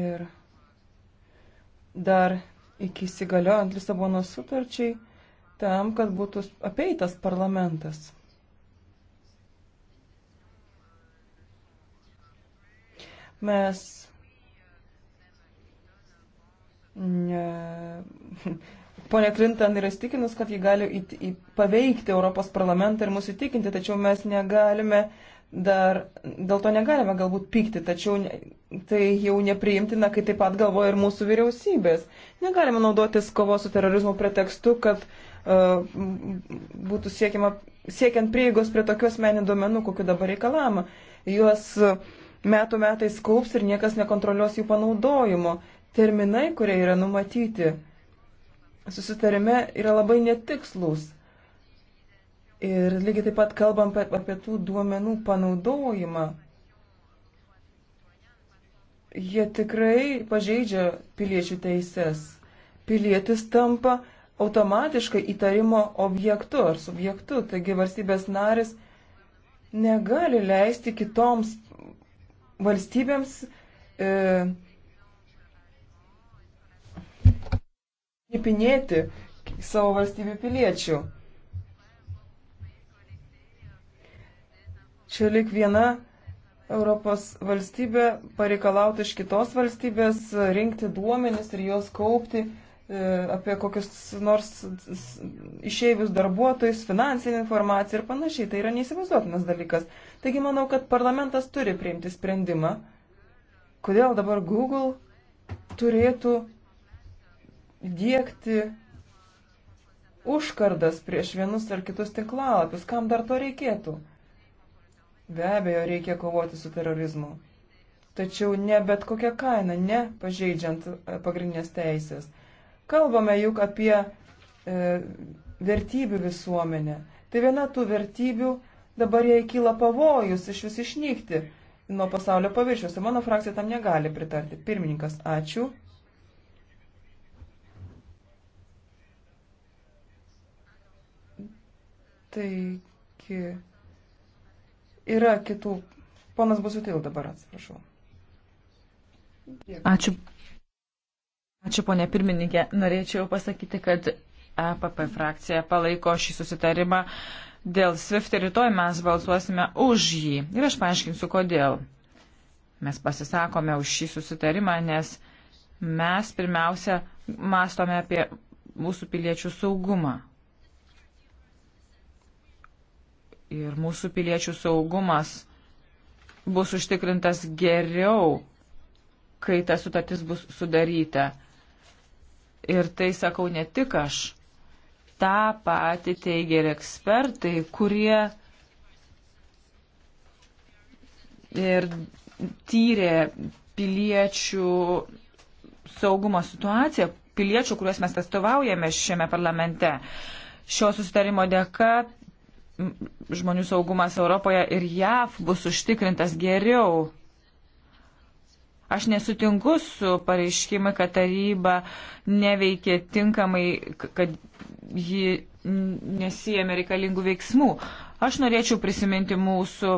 Ir dar iki įsigaliojant Lisabonos sutarčiai tam, kad būtų apeitas parlamentas. Mes Pone Klinton yra įstikinus, kad jį gali į, į paveikti Europos parlamentą ir mūsų įtikinti, tačiau mes negalime dar, dėl to negalime galbūt pykti, tačiau ne, tai jau nepriimtina, kai taip pat galvoja ir mūsų vyriausybės. Negalime naudotis kovos su terorizmu pretekstu, kad uh, būtų siekiama, siekiant prieigos prie tokių asmeninių duomenų, kokiu dabar reikalavimą. Juos metų metais kaups ir niekas nekontroliuos jų panaudojimo. Uh, Terminai, kurie yra numatyti susitarime, yra labai netikslus. Ir lygiai taip pat kalbam apie tų duomenų panaudojimą. Jie tikrai pažeidžia piliečių teises. Pilietis tampa automatiškai įtarimo objektu ar subjektu. Taigi valstybės narės negali leisti kitoms valstybėms e, šnipinėti savo valstybių piliečių. Čia lik viena Europos valstybė pareikalauti iš kitos valstybės rinkti duomenis ir juos kaupti e, apie kokius nors išeivius darbuotojus, finansinį informaciją ir panašiai. Tai yra neįsivaizduotinas dalykas. Taigi manau, kad parlamentas turi priimti sprendimą, kodėl dabar Google turėtų dėkti užkardas prieš vienus ar kitus tinklalapius. Kam dar to reikėtų? Be abejo, reikia kovoti su terorizmu. Tačiau ne bet kokia kaina, ne pažeidžiant e, pagrindinės teisės. Kalbame juk apie e, vertybių visuomenę. Tai viena tų vertybių dabar jai kyla pavojus iš vis išnykti nuo pasaulio paviršiaus. Mano frakcija tam negali pritarti. Pirmininkas, ačiū. Taigi, yra kitų. Ponas Busutil dabar, atsiprašau. Ačiū. Ačiū, ponė pirmininkė. Norėčiau pasakyti, kad EPP frakcija palaiko šį susitarimą. Dėl SWIFT rytoj mes balsuosime už jį. Ir aš paaiškinsiu, kodėl. Mes pasisakome už šį susitarimą, nes mes pirmiausia mastome apie mūsų piliečių saugumą. ir mūsų piliečių saugumas bus užtikrintas geriau, kai ta sutartis bus sudaryta. Ir tai sakau ne tik aš. Ta pati teigia ir ekspertai, kurie ir tyrė piliečių saugumo situaciją, piliečių, kuriuos mes atstovaujame šiame parlamente. Šio susitarimo dėka žmonių saugumas Europoje ir JAV bus užtikrintas geriau. Aš nesutinku su pareiškimi, kad taryba neveikė tinkamai, kad ji nesijėmė reikalingų veiksmų. Aš norėčiau prisiminti mūsų.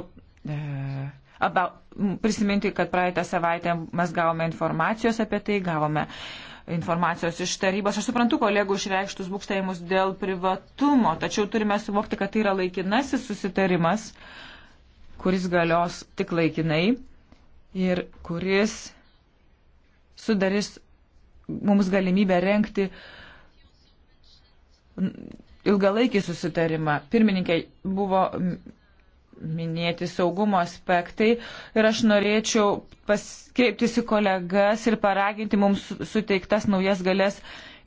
E, About, prisiminti, kad praeitą savaitę mes gavome informacijos apie tai, gavome uh, informacijos iš tarybos. Aš suprantu kolegų išreikštus būkštajimus dėl privatumo, tačiau turime suvokti, kad tai yra laikinasis susitarimas, kuris galios tik laikinai ir kuris sudarys mums galimybę renkti ilgalaikį susitarimą. Pirmininkė buvo minėti saugumo aspektai ir aš norėčiau paskreiptis į kolegas ir paraginti mums suteiktas naujas galės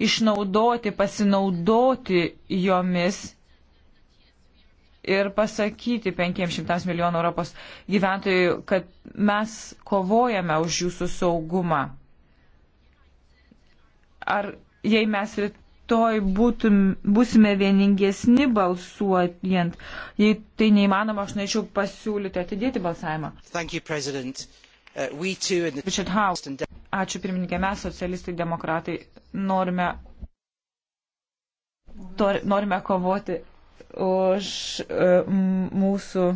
išnaudoti, pasinaudoti jomis ir pasakyti 500 milijonų Europos gyventojų, kad mes kovojame už jūsų saugumą. Ar jei mes rytoj būtum, būsime vieningesni balsuojant. Jei tai neįmanoma, aš norėčiau pasiūlyti atidėti balsavimą. You, uh, the... Ačiū pirmininkė, mes socialistai demokratai norime, to, norime kovoti už uh, mūsų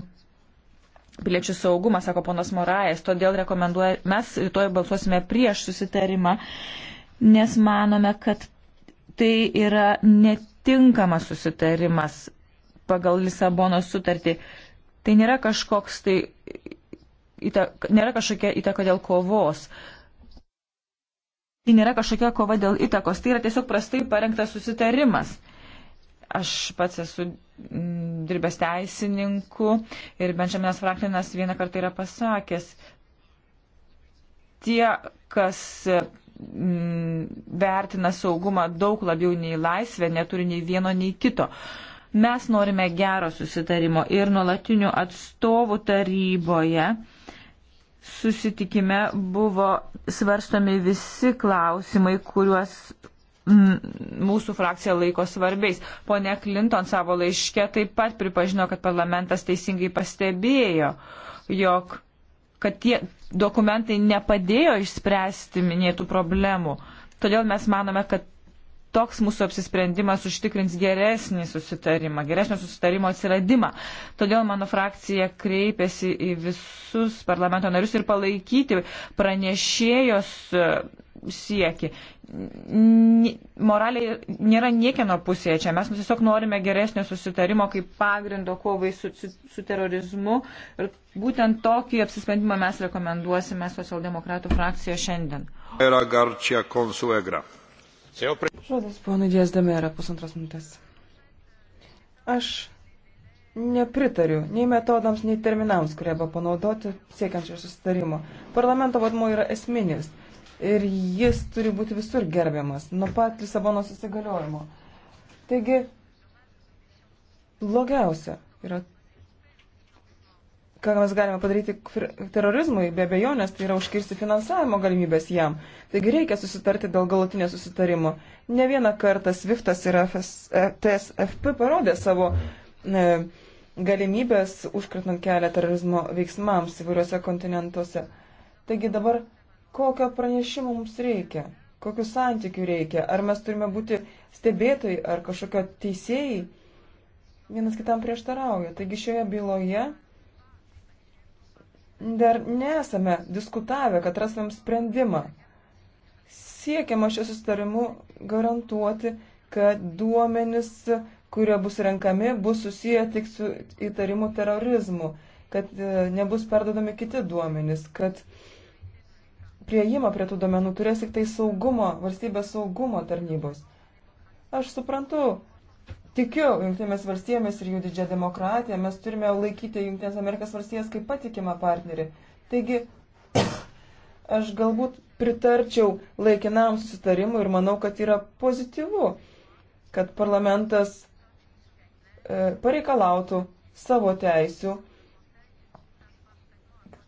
piliečių saugumą, sako ponas Morajas, todėl rekomenduoja, mes rytoj balsuosime prieš susitarimą, nes manome, kad Tai yra netinkamas susitarimas pagal Lisabonos sutartį. Tai nėra kažkoks tai, įtaka, nėra kažkokia įtaka dėl kovos. Tai nėra kažkokia kova dėl įtakos, tai yra tiesiog prastai parengtas susitarimas. Aš pats esu mm, dirbęs teisininku ir Benjaminas Franklinas vieną kartą yra pasakęs, tie, kas mm, vertina saugumą daug labiau nei laisvę, neturi nei vieno, nei kito. Mes norime gero susitarimo ir nuolatinių atstovų taryboje susitikime buvo svarstomi visi klausimai, kuriuos mm, mūsų frakcija laiko svarbiais. Pone Clinton savo laiške taip pat pripažino, kad parlamentas teisingai pastebėjo, jog kad tie dokumentai nepadėjo išspręsti minėtų problemų. Uh, Todėl mes manome, kad toks mūsų apsisprendimas užtikrins geresnį susitarimą, geresnio susitarimo atsiradimą. Todėl mano frakcija kreipėsi į visus parlamento narius ir palaikyti pranešėjos sieki. Moraliai nėra niekieno pusėje čia. Mes nu tiesiog norime geresnio susitarimo kaip pagrindo kovai su, su, su terorizmu. Ir būtent tokį apsisprendimą mes rekomenduosime socialdemokratų frakciją šiandien. Žodis ponui Dėsdame yra pusantros minutės. Aš Nepritariu nei metodams, nei terminams, kurie buvo panaudoti siekiant šio susitarimo. Parlamento vadmo yra esminis ir jis turi būti visur gerbiamas nuo pat Lisabono susigaliojimo. Taigi, blogiausia yra, ką mes galime padaryti terorizmui, be abejonės, tai yra užkirsti finansavimo galimybės jam. Taigi reikia susitarti dėl galutinio susitarimo. Ne vieną kartą Sviftas ir FS, e, TSFP parodė savo ne, galimybės užkritant kelią terorizmo veiksmams įvairiuose kontinentuose. Taigi dabar kokio pranešimo mums reikia, kokiu santykiu reikia, ar mes turime būti stebėtojai ar kažkokio teisėjai, vienas kitam prieštarauja. Taigi šioje byloje dar nesame diskutavę, kad rastumėm sprendimą. Siekiama šio sustarimu garantuoti, kad duomenis, kurie bus renkami, bus susiję tik su įtarimu terorizmu, kad e, nebus perdodami kiti duomenis, kad uh, prieimą prie tų domenų turės tik tai saugumo, valstybės saugumo tarnybos. Aš suprantu, tikiu Junktinėmis valstybėmis ir jų didžią demokratiją, mes turime laikyti Junktinės Amerikos valstybės kaip patikimą partnerį. Taigi, aš galbūt pritarčiau laikinam susitarimui ir manau, kad yra pozityvu, kad parlamentas e, pareikalautų savo teisių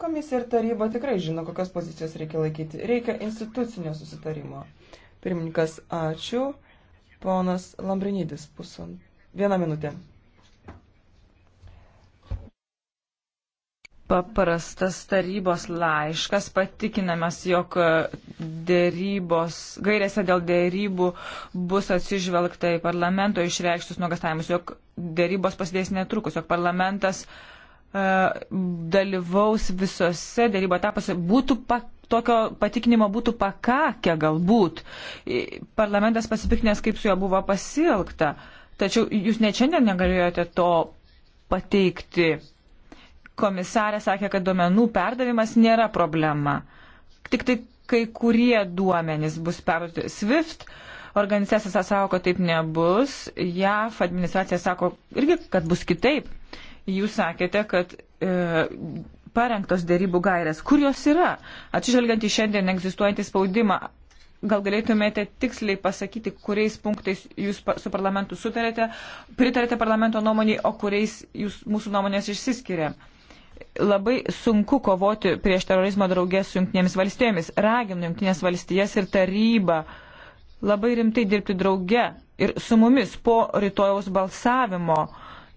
Komisija ir taryba tikrai žino, kokios pozicijos reikia laikyti. Reikia institucinio susitarimo. Pirmininkas, ačiū. Ponas Lambrinidis, puson. Vieną minutę. Paprastas tarybos laiškas patikinamas, jog dėrybos, gairėse dėl dėrybų bus atsižvelgta į parlamento išreikštus nuogastavimus, jog dėrybos pasidės netrukus, jog parlamentas uh, E, dalyvaus visose dėrybo etapuose, būtų pak, tokio patikinimo būtų pakakę galbūt. Parlamentas pasipiknės, kaip su juo buvo pasilgta. Tačiau jūs ne šiandien negalėjote to pateikti. Komisarė sakė, kad duomenų perdavimas nėra problema. Tik tai kai kurie duomenys bus perduoti. SWIFT organizacija sako, kad taip nebus. JAF administracija sako irgi, kad bus kitaip. Uh, Jūs sakėte, kad e, parengtos dėrybų gairės, kur jos yra, atsižvelgiant į šiandien egzistuojantį spaudimą, gal galėtumėte tiksliai pasakyti, kuriais punktais jūs su parlamentu sutarėte, pritarėte parlamento nuomonį, o kuriais jūs mūsų nuomonės išsiskiria. Labai sunku kovoti prieš terorizmo draugės su jungtinėmis valstybėmis. Raginu jungtinės valstijas ir tarybą labai rimtai dirbti drauge ir su mumis po rytojaus balsavimo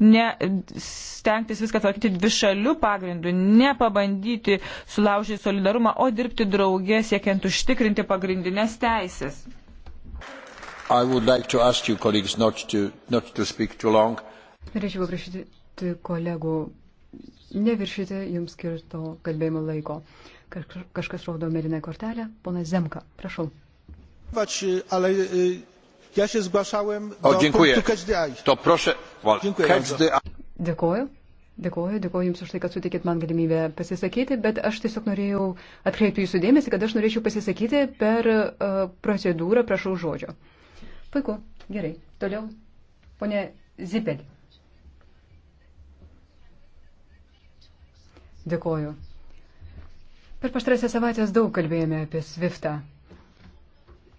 ne stengtis viską tvarkyti dvišalių pagrindų, nepabandyti sulaužyti solidarumą, o dirbti draugė siekiant užtikrinti pagrindinės teisės. Like you, not to, not to Norėčiau paprašyti kolegų, neviršyti jums skirto kalbėjimo laiko. Kažkas rodo mėlyną kortelę. Pona Zemka, prašau. Ale e, Ja się zgłaszałem do o, dziękuję. punktu catch the eye. To proszę, well, dziękuję catch bardzo. the eye. Dėkuoju. Dėkuoju, dėkuoju Jums už tai, kad sutikėt man galimybę pasisakyti, bet aš tiesiog norėjau atkreipti Jūsų dėmesį, kad aš norėčiau pasisakyti per uh, procedūrą, prašau žodžio. Puiku, gerai. Toliau, ponė Zipel. Dėkuoju. Per pastarąsią savaitę daug kalbėjome apie Swiftą.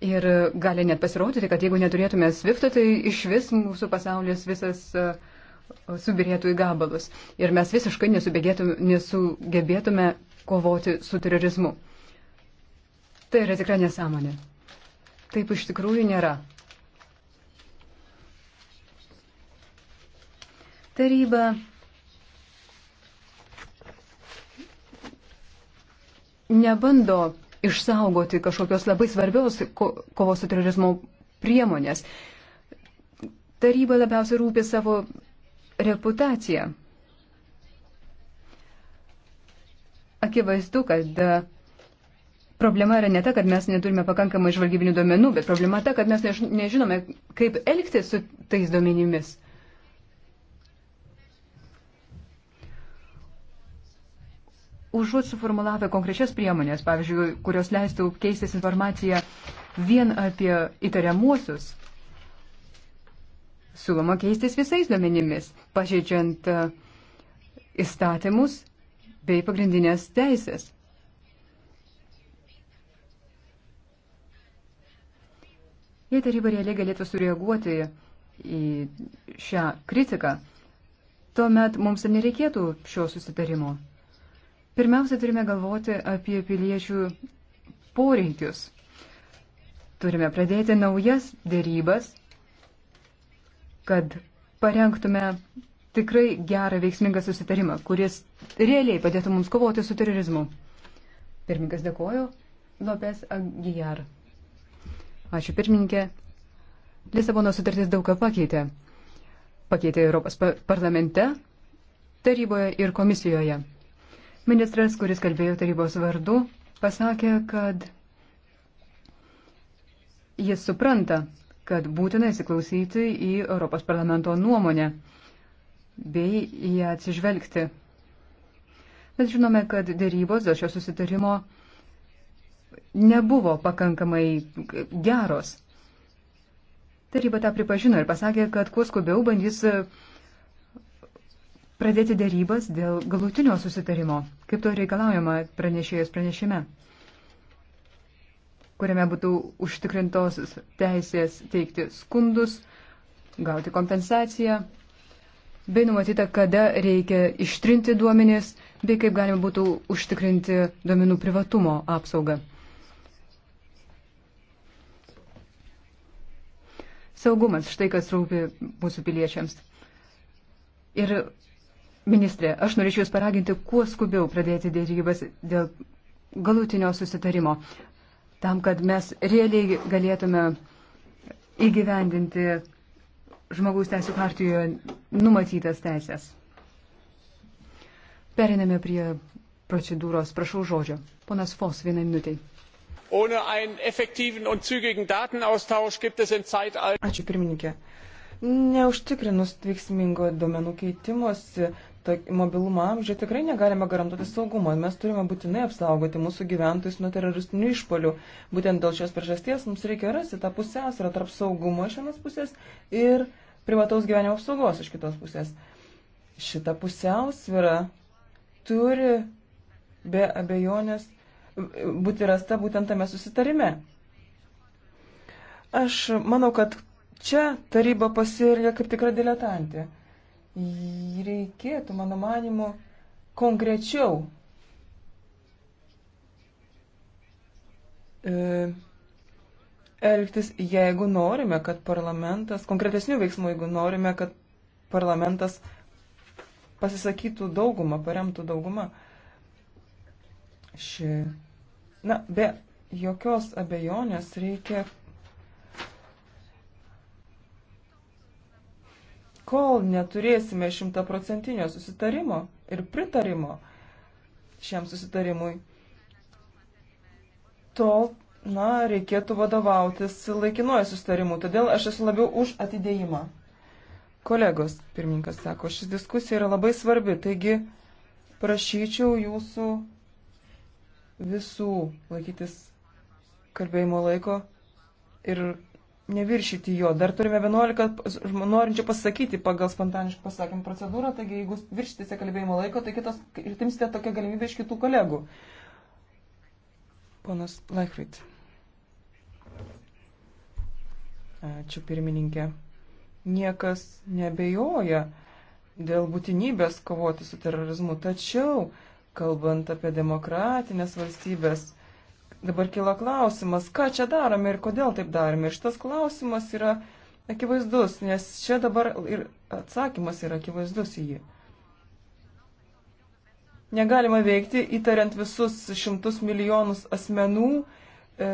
Ir e, gali net pasirodyti, kad jeigu neturėtume SWIFT, tai iš vis mūsų pasaulis visas e, subirėtų į gabalus. Ir mes visiškai nesugebėtume kovoti su terorizmu. Tai yra tikra nesąmonė. Taip iš tikrųjų nėra. Taryba nebando išsaugoti kažkokios labai svarbios ko, kovos su terorizmu priemonės. Taryba labiausiai rūpi savo reputaciją. Akivaizdu, kad e, problema yra ne ta, kad mes neturime pakankamai žvalgybinių duomenų, bet problema ta, kad mes nežinome, kaip elgtis su tais duomenimis. užuot suformulavę konkrečias priemonės, pavyzdžiui, kurios leistų keistis informaciją vien apie įtariamuosius, siūloma keistis visais duomenimis, pažeidžiant e, įstatymus bei pagrindinės teisės. Jei taryba realiai galėtų sureaguoti į šią kritiką, tuomet mums ir nereikėtų šio susitarimo. Pirmiausia, turime galvoti apie piliečių poreikius. Turime pradėti naujas dėrybas, kad parengtume tikrai gerą veiksmingą susitarimą, kuris realiai padėtų mums kovoti su terorizmu. Pirmininkas dėkoju. Lopes Agijar. Ačiū pirmininkė. Lisabono sutartis daug ką pakeitė. Pakeitė Europos parlamente, taryboje ir komisijoje. Ministras, kuris kalbėjo tarybos vardu, pasakė, kad jis supranta, kad būtina įsiklausyti į Europos parlamento nuomonę bei į ją atsižvelgti. Mes žinome, kad dėrybos dėl šio susitarimo nebuvo pakankamai geros. Taryba tą pripažino ir pasakė, kad kuo skubiau bandys pradėti dėrybas dėl galutinio susitarimo, kaip to reikalaujama pranešėjos pranešime, kuriame būtų užtikrintos teisės teikti skundus, gauti kompensaciją, bei numatyta, kada reikia ištrinti duomenys, bei kaip galima būtų užtikrinti duomenų privatumo apsaugą. Saugumas, štai kas rūpi mūsų piliečiams. Ir Ministrė, aš norėčiau Jūs paraginti kuo skubiau pradėti dėrybas dėl galutinio susitarimo, tam, kad mes realiai galėtume įgyvendinti žmogaus teisų hartijoje numatytas teisės. Periname prie procedūros. Prašau žodžio. Ponas Fos, vienai minutiai. Ačiū pirmininkė. Neužtikrinus veiksmingo duomenų keitimosi mobilumo amžiuje tikrai negalime garantuoti saugumo. Mes turime būtinai apsaugoti mūsų gyventojus nuo teroristinių išpolių. Būtent dėl šios priežasties mums reikia rasti tą pusęsvarą tarp saugumo iš vienos pusės ir privataus gyvenimo apsaugos iš kitos pusės. Šita pusiausvyrą turi be abejonės būti rasta būtent tame susitarime. Aš manau, kad čia taryba pasielgia kaip tikra diletantė reikėtų, mano manimu, konkrečiau e, elgtis, jeigu norime, kad parlamentas, konkretesnių veiksmų, jeigu norime, kad parlamentas pasisakytų daugumą, paremtų daugumą. Ši. Na, be jokios abejonės reikia kol neturėsime šimtaprocentinio susitarimo ir pritarimo šiam susitarimui, tol, na, reikėtų vadovautis laikinuoju susitarimu. Todėl aš esu labiau už atidėjimą. Kolegos, pirmininkas sako, šis diskusija yra labai svarbi, taigi prašyčiau jūsų visų laikytis kalbėjimo laiko ir neviršyti jo. Dar turime 11 norinčių pasakyti pagal spontaniškų pasakymų procedūrą, taigi jeigu viršitėse kalbėjimo laiko, tai kitos ir timsite tokią galimybę iš kitų kolegų. Ponas Laikrit. Ačiū pirmininkė. Niekas nebejoja dėl būtinybės kovoti su terorizmu, tačiau, kalbant apie demokratinės valstybės, Dabar kilo klausimas, ką čia darome ir kodėl taip darome. Ir šitas klausimas yra akivaizdus, nes čia dabar ir atsakymas yra akivaizdus į jį. Negalima veikti, įtariant visus šimtus milijonus asmenų, e,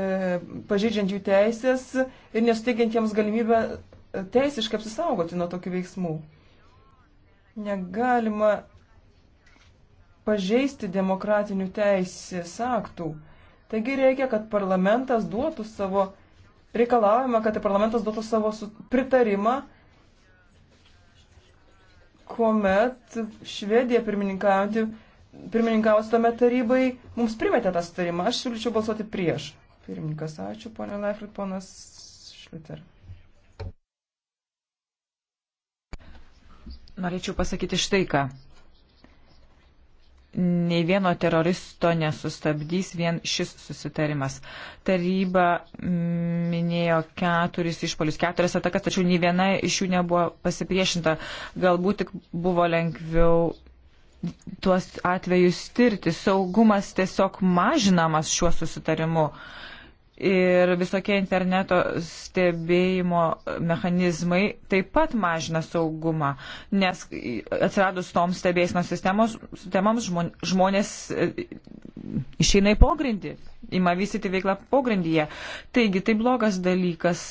pažeidžiant jų teisės ir nesuteikiant jiems galimybę e, teisiškai apsisaugoti nuo tokių veiksmų. Negalima pažeisti demokratinių teisės aktų. Taigi reikia, kad parlamentas duotų savo reikalavimą, kad parlamentas duotų savo pritarimą, kuomet Švedija pirmininkaus tame tarybai mums primetė tą sutarimą. Aš siūlyčiau balsuoti prieš. Pirmininkas, ačiū, ponė Leifrit, ponas Šliter. Norėčiau pasakyti štai ką nei vieno teroristo nesustabdys vien šis susitarimas. Taryba mm, minėjo keturis išpolius, keturias atakas, tačiau nei viena iš jų nebuvo pasipriešinta. Galbūt tik buvo lengviau tuos atvejus tirti. Saugumas tiesiog mažinamas šiuo susitarimu. Uh, ir visokie interneto stebėjimo mechanizmai taip pat mažina saugumą, nes atsiradus toms stebėsino sistemoms žmonės e, išeina į pogrindį ima vystyti veiklą pogrindyje. Taigi tai blogas dalykas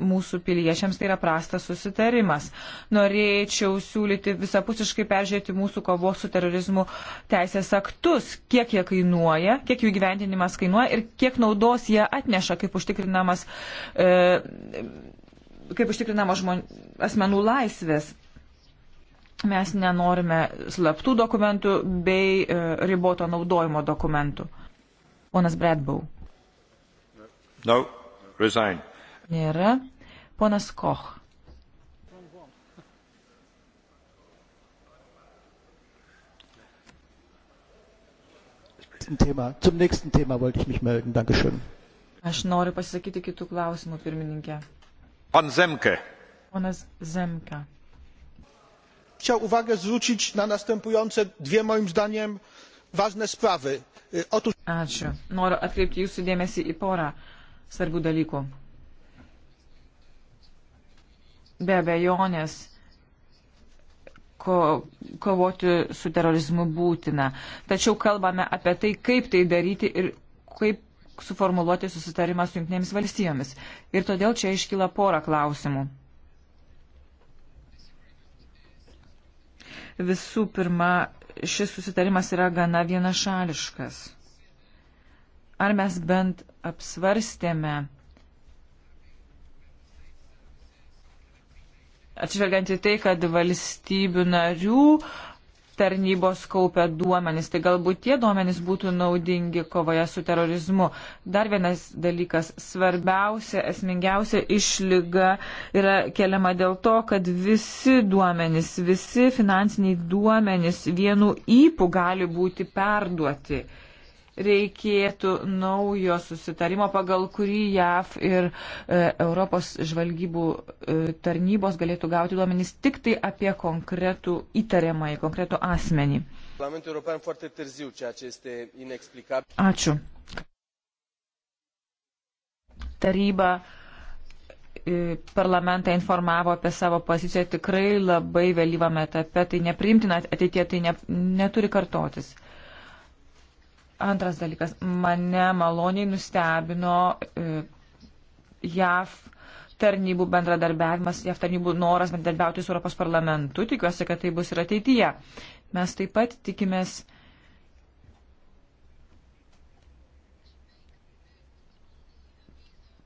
mūsų piliečiams, tai yra prastas susitarimas. Norėčiau siūlyti visapusiškai peržiūrėti mūsų kovos su terorizmu teisės aktus, kiek jie kainuoja, kiek jų gyvendinimas kainuoja ir kiek naudos jie atneša, kaip užtikrinamas. E, kaip užtikrinama žmon, asmenų laisvės mes nenorime slaptų dokumentų bei e, riboto naudojimo dokumentų. Ponas Bradbau. No, resign. Nėra. Ponas Koch. Thema. Zum nächsten Thema wollte ich mich melden. Dankeschön. Aš noriu pasisakyti kitų klausimų, pirmininkė. Pan Zemke. Ponas Zemka. Chciał uwagę zwrócić na następujące dwie moim zdaniem ważne sprawy. Otóż... Ačiū. Noriu atkreipti jūsų dėmesį į porą svarbių dalykų. Be abejonės, ko, kovoti su terorizmu būtina. Tačiau kalbame apie tai, kaip tai daryti ir kaip suformuluoti susitarimą su jungtinėmis valstijomis. Ir todėl čia iškyla pora klausimų. Visų pirma, šis susitarimas yra gana vienašališkas. Ar mes bent apsvarstėme, atsižvelgiant į tai, kad valstybių narių uh, tarnybos kaupia duomenys, tai galbūt tie duomenys būtų naudingi kovoje su terorizmu. Dar vienas dalykas, svarbiausia, esmingiausia išlyga yra keliama dėl to, kad visi duomenys, visi finansiniai duomenys vienu įpū gali būti perduoti reikėtų naujo susitarimo, pagal kurį JAV ir e, Europos žvalgybų e, tarnybos galėtų gauti duomenys tik tai apie konkretų įtariamą, konkretų asmenį. Ačiū. Taryba e, parlamentą informavo apie savo poziciją tikrai labai vėlyvame etape, tai nepriimtina ateitie, tai ne, neturi kartotis. Antras dalykas, mane maloniai nustebino e, JAV tarnybų bendradarbiavimas, JAV tarnybų noras bendradarbiauti su Europos parlamentu. Tikiuosi, kad tai bus ir ateityje. Mes taip pat tikimės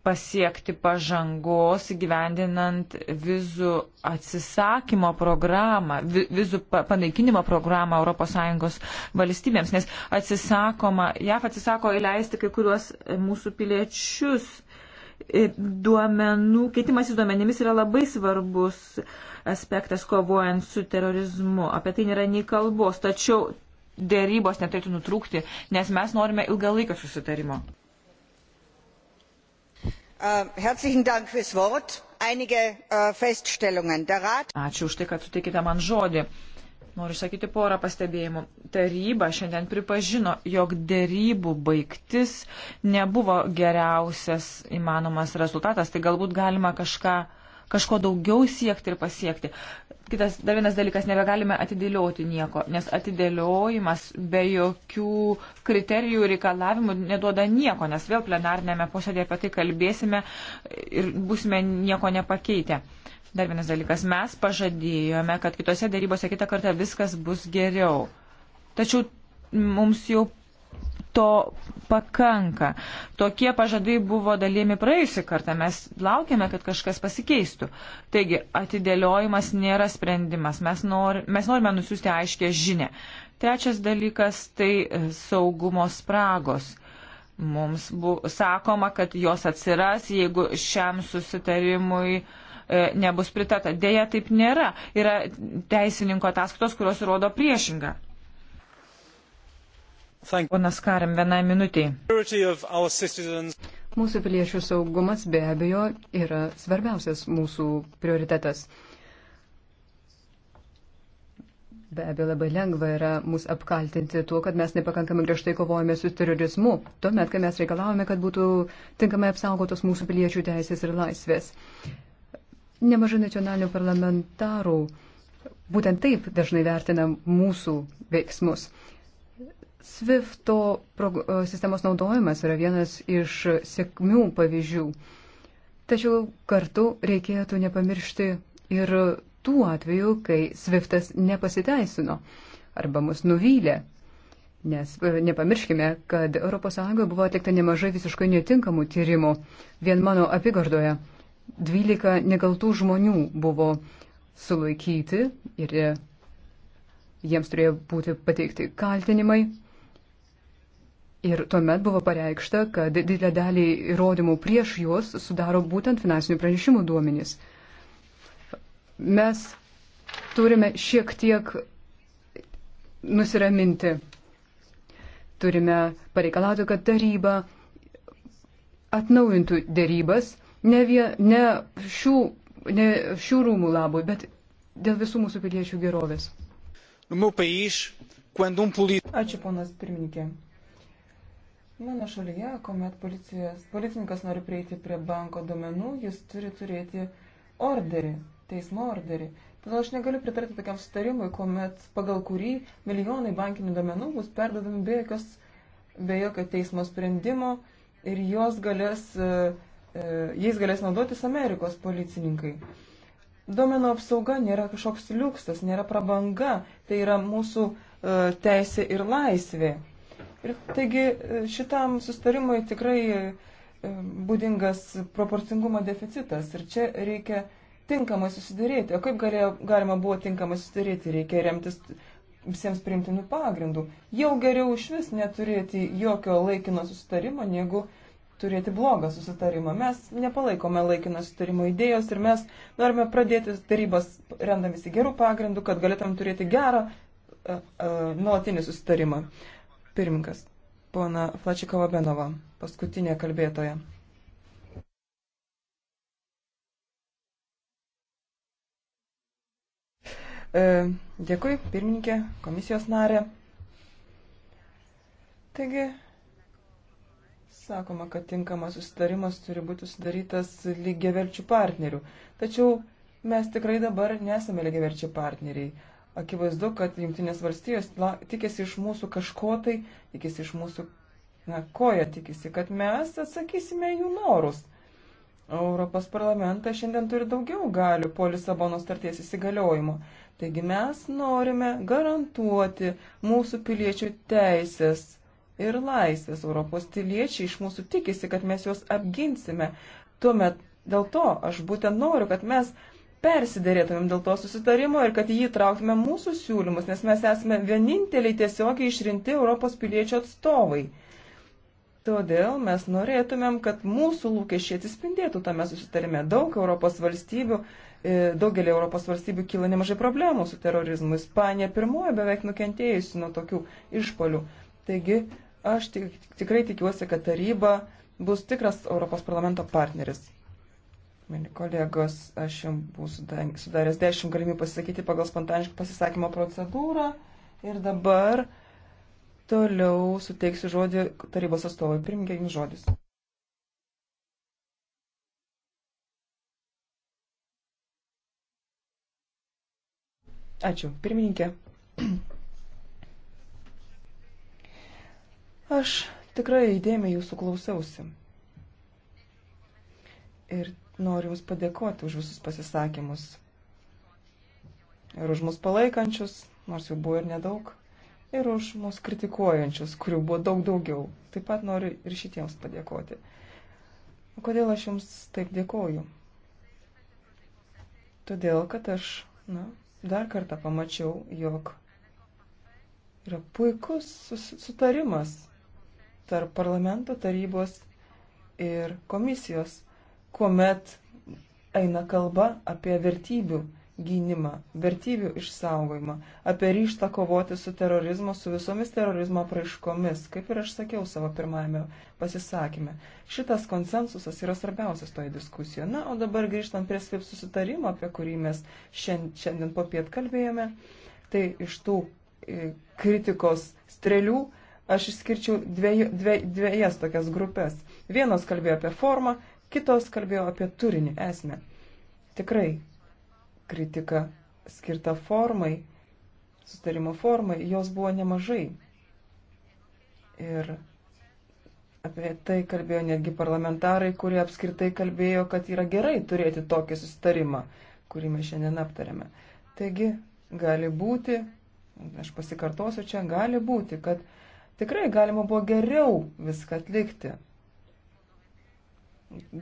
pasiekti pažangos gyvendinant vizų atsisakymo programą, vizų panaikinimo programą ES valstybėms, nes atsisakoma, JAF atsisako įleisti kai kuriuos mūsų piliečius. Duomenų, keitimasis duomenimis yra labai svarbus aspektas kovojant su terorizmu. Apie tai nėra nei kalbos, tačiau dėrybos neturėtų nutrūkti, nes mes norime ilgalaikio susitarimo. Äh, herzlichen Dank fürs Wort. Einige äh, Feststellungen. Der Rat. Ačiū už tai, kad sutikite man žodį. Noriu sakyti porą pastebėjimų. Taryba šiandien pripažino, jog dėrybų baigtis nebuvo geriausias įmanomas rezultatas. Tai galbūt galima kažką kažko daugiau siekti ir pasiekti. Kitas dar vienas dalykas, nebegalime atidėlioti nieko, nes atidėliojimas be jokių kriterijų reikalavimų neduoda nieko, nes vėl plenarnėme posėdėje apie tai kalbėsime ir būsime nieko nepakeitę. Dar vienas dalykas, mes pažadėjome, kad kitose darybose kitą kartą viskas bus geriau. Tačiau mums jau to pakanka. Tokie pažadai buvo dalimi praėjusį kartą, mes laukiame, kad kažkas pasikeistų. Taigi, atidėliojimas nėra sprendimas, mes, nor, mes norime nusiųsti aiškę žinę. Trečias dalykas - tai saugumo spragos. Mums buvo sakoma, kad jos atsiras, jeigu šiam susitarimui e, nebus pritarta. Deja, taip nėra. Yra teisininko ataskaitos, kurios rodo priešingą. Ponas Karim, vienai minutiai. Mūsų piliečių saugumas be abejo yra svarbiausias mūsų prioritetas. Be abejo, labai lengva yra mus apkaltinti tuo, kad mes nepakankamai griežtai kovojame su terorizmu, tuomet, kai mes reikalavome, kad būtų tinkamai apsaugotos mūsų piliečių teisės ir laisvės. Nemažai nacionalinių parlamentarų būtent taip dažnai vertina mūsų veiksmus. Swifto e, sistemos naudojimas yra vienas iš sėkmių pavyzdžių. Tačiau kartu reikėtų nepamiršti ir tų atvejų, kai Swiftas nepasiteisino arba mus nuvylė. Nes e, nepamirškime, kad ES buvo atlikta nemažai visiškai netinkamų tyrimų. Vien mano apygardoje 12 nekaltų žmonių buvo sulaikyti ir jiems turėjo būti pateikti kaltinimai. Ir tuomet buvo pareikšta, kad didelę dalį įrodymų prieš juos sudaro būtent finansinių pranešimų duomenys. Mes turime šiek tiek nusiraminti. Turime pareikalauti, kad taryba atnaujintų dėrybas ne, vie, ne, šių, ne šių rūmų labui, bet dėl visų mūsų piliečių gerovės. Um Ačiū, ponas pirmininkė. Mano šalyje, kuomet policininkas nori prieiti prie banko domenų, jis turi turėti orderį, teismo orderį. Todėl aš negaliu pritarti tokiam sutarimui, kuomet pagal kurį milijonai bankinių domenų bus perdodami be, jokios, be jokio teismo sprendimo ir jos galės, e, e, jais galės naudotis Amerikos policininkai. Domenų apsauga nėra kažkoks liuksas, nėra prabanga, tai yra mūsų e, teisė ir laisvė. Ir taigi e, šitam sustarimui tikrai e, būdingas proporcingumo deficitas ir čia reikia tinkamai susidėrėti. O kaip galėjo, galima buvo tinkamai susidėrėti? Reikia remtis visiems priimtinų pagrindų. Jau geriau iš vis neturėti jokio laikino susitarimo, negu turėti blogą susitarimą. Mes nepalaikome laikino susitarimo idėjos ir mes norime pradėti tarybas rendamisi gerų pagrindų, kad galėtum turėti gerą e, nuolatinį susitarimą. Pirmininkas, pona Flačikova Benova, paskutinė kalbėtoja. E, dėkui, pirmininkė, komisijos narė. Taigi, sakoma, kad tinkamas susitarimas turi būti sudarytas lygiaverčių partnerių. Tačiau mes tikrai dabar nesame lygiaverčių partneriai akivaizdu, kad Junktinės valstijos tikisi iš mūsų kažko tai, tikisi iš mūsų na, koja, tikisi, kad mes atsakysime jų norus. Europos parlamentas šiandien turi daugiau galių po Lisabono starties įsigaliojimo. Taigi mes norime garantuoti mūsų piliečių teisės ir laisvės. Europos piliečiai iš mūsų tikisi, kad mes juos apginsime. Tuomet dėl to aš būtent noriu, kad mes persiderėtumėm dėl to susitarimo ir kad jį trauktume mūsų siūlymus, nes mes esame vieninteliai tiesiogiai išrinkti Europos piliečio atstovai. Todėl mes norėtumėm, kad mūsų lūkesčiai atsispindėtų tame susitarime. Daug Europos valstybių, e, daugelį Europos valstybių kyla nemažai problemų su terorizmu. Ispanija pirmoji beveik nukentėjusi nuo tokių išpolių. Taigi aš tik, tikrai tikiuosi, kad taryba bus tikras Europos parlamento partneris. Mėly kolegos, aš jums būsiu sudaręs 10 galimybių pasisakyti pagal spontanišką pasisakymo procedūrą ir dabar toliau suteiksiu žodį tarybos atstovui. Pirmininkė, jums žodis. Ačiū, pirmininkė. Aš tikrai įdėmiai jūsų klausiausi. Ir Noriu Jums padėkoti už visus pasisakymus ir už mus palaikančius, nors jų buvo ir nedaug, ir už mus kritikuojančius, kurių buvo daug daugiau. Taip pat noriu ir šitiems padėkoti. Kodėl aš Jums taip dėkoju? Todėl, kad aš na, dar kartą pamačiau, jog yra puikus sutarimas tarp parlamento tarybos ir komisijos kuomet eina kalba apie vertybių gynimą, vertybių išsaugojimą, apie ryštą kovoti su terorizmu, su visomis terorizmo praiškomis, kaip ir aš sakiau savo pirmajame pasisakymė. Šitas konsensusas yra svarbiausias toje diskusijoje. Na, o dabar grįžtant prie SWIP susitarimo, apie kurį mes šiandien, šiandien popiet kalbėjome, tai iš tų e, kritikos strėlių aš išskirčiau dviej, dviej, dviejas tokias grupės. Vienos kalbėjo apie formą, kitos kalbėjo apie turinį esmę. Tikrai kritika skirta formai, sustarimo formai, jos buvo nemažai. Ir apie tai kalbėjo netgi parlamentarai, kurie apskritai kalbėjo, kad yra gerai turėti tokį sustarimą, kurį mes šiandien aptarėme. Taigi, gali būti, aš pasikartosiu čia, gali būti, kad tikrai galima buvo geriau viską atlikti.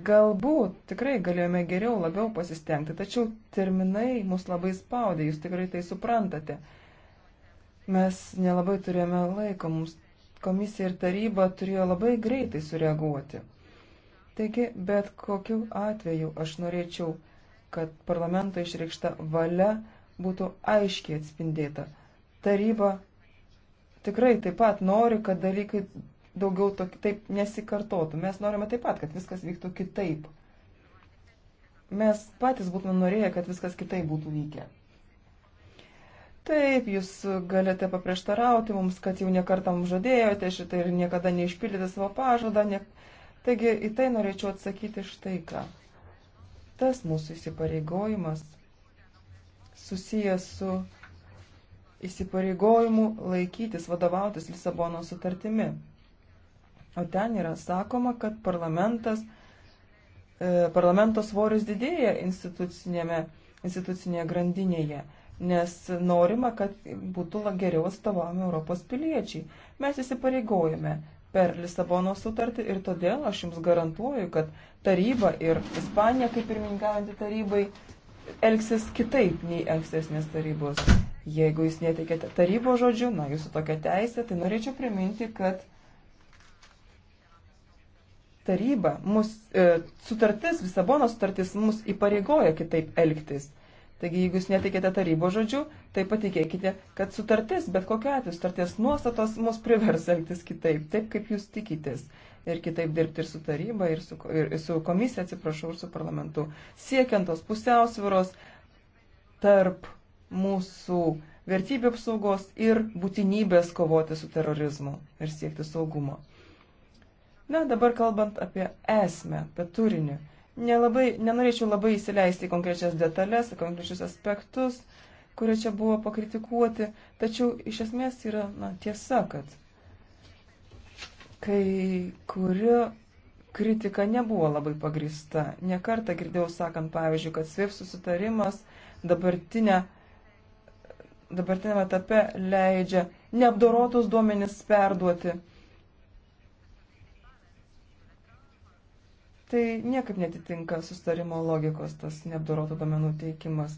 Galbūt tikrai galėjome geriau labiau pasistengti, tačiau terminai mus labai spaudė, jūs tikrai tai suprantate. Mes nelabai turėjome laiko, mums komisija ir taryba turėjo labai greitai sureaguoti. Taigi, bet kokiu atveju aš norėčiau, kad parlamento išreikšta valia būtų aiškiai atspindėta. Taryba tikrai taip pat nori, kad dalykai daugiau tok, taip nesikartotų. Mes norime taip pat, kad viskas vyktų kitaip. Mes patys būtume norėję, kad viskas kitaip būtų vykę. Taip, jūs galite paprieštarauti mums, kad jau nekartam žadėjote šitą ir niekada neišpildėte savo pažadą. Ne... Taigi į tai norėčiau atsakyti štai ką. Tas mūsų įsipareigojimas susijęs su įsipareigojimu laikytis vadovautis Lisabono sutartimi. O ten yra sakoma, kad parlamentas, e, parlamento svoris didėja institucinėje grandinėje, nes norima, kad būtų geriau atstovami Europos piliečiai. Mes įsipareigojame per Lisabono sutartį ir todėl aš jums garantuoju, kad taryba ir Ispanija, kaip pirmininkaujanti tarybai, elgsis kitaip nei ankstesnės tarybos. Jeigu jūs netikėte tarybo žodžiu, na, jūsų tokia teisė, tai norėčiau priminti, kad taryba, mus, e, sutartis, Visabono sutartis mus įpareigoja kitaip elgtis. Taigi, jeigu jūs netikite tarybo žodžiu, tai patikėkite, kad sutartis, bet kokiu atveju sutarties nuostatos mus privers elgtis kitaip, taip kaip jūs tikitės. Ir kitaip dirbti ir su taryba, ir su, ir, ir su komisija, atsiprašau, ir su parlamentu. Siekiant tos pusiausviros tarp mūsų vertybių apsaugos ir būtinybės kovoti su terorizmu ir siekti saugumo. Na, dabar kalbant apie esmę, apie turinį. Nelabai, nenorėčiau labai įsileisti į konkrečias detalės, į konkrečius aspektus, kurie čia buvo pakritikuoti, tačiau iš esmės yra na, tiesa, kad kai kurio kritika nebuvo labai pagrista. Nekartą girdėjau sakant, pavyzdžiui, kad SWIFT susitarimas dabartinė, dabartinėme etape leidžia neapdorotus duomenis perduoti Tai niekaip netitinka sustarimo logikos tas neapdorotų domenų teikimas.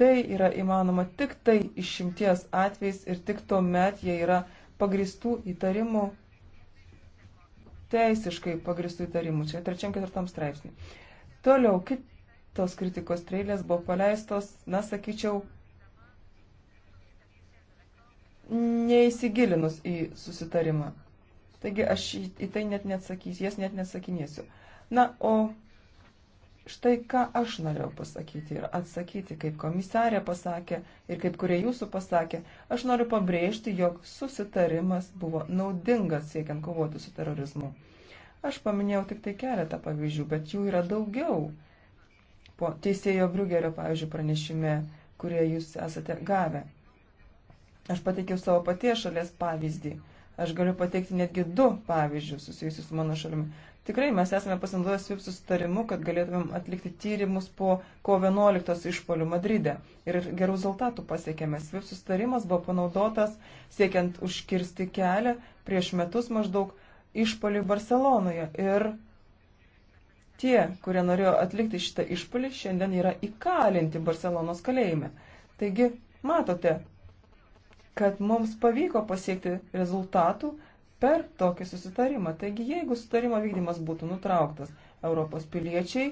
Tai yra įmanoma tik tai išimties atvejais ir tik tuomet jie yra pagristų įtarimų, teisiškai pagristų įtarimų. Čia trečiam ketvirtam straipsnį. Toliau, kitos kritikos treilės buvo paleistos, na, sakyčiau, neįsigilinus į susitarimą. Taigi aš į tai net neatsakysiu, jas net nesakinėsiu. Na, o štai ką aš norėjau pasakyti ir atsakyti, kaip komisarė pasakė ir kaip kurie jūsų pasakė, aš noriu pabrėžti, jog susitarimas buvo naudingas siekiant kovoti su terorizmu. Aš paminėjau tik tai keletą pavyzdžių, bet jų yra daugiau. Po teisėjo Briugerio, pavyzdžiui, pranešime, kurie jūs esate gavę. Aš pateikiau savo paties šalies pavyzdį Aš galiu pateikti netgi du pavyzdžius susijusius su mano šalimi. Tikrai mes esame pasinaudoję SWIP susitarimu, kad galėtumėm atlikti tyrimus po kovo 11 išpolių Madride. Ir gerų rezultatų pasiekėme. SWIP susitarimas buvo panaudotas siekiant užkirsti kelią prieš metus maždaug išpolių Barcelonoje. Ir tie, kurie norėjo atlikti šitą išpolį, šiandien yra įkalinti Barcelonos kalėjime. Taigi, matote, kad mums pavyko pasiekti rezultatų per tokį susitarimą. Taigi, jeigu sutarimo vykdymas būtų nutrauktas, Europos piliečiai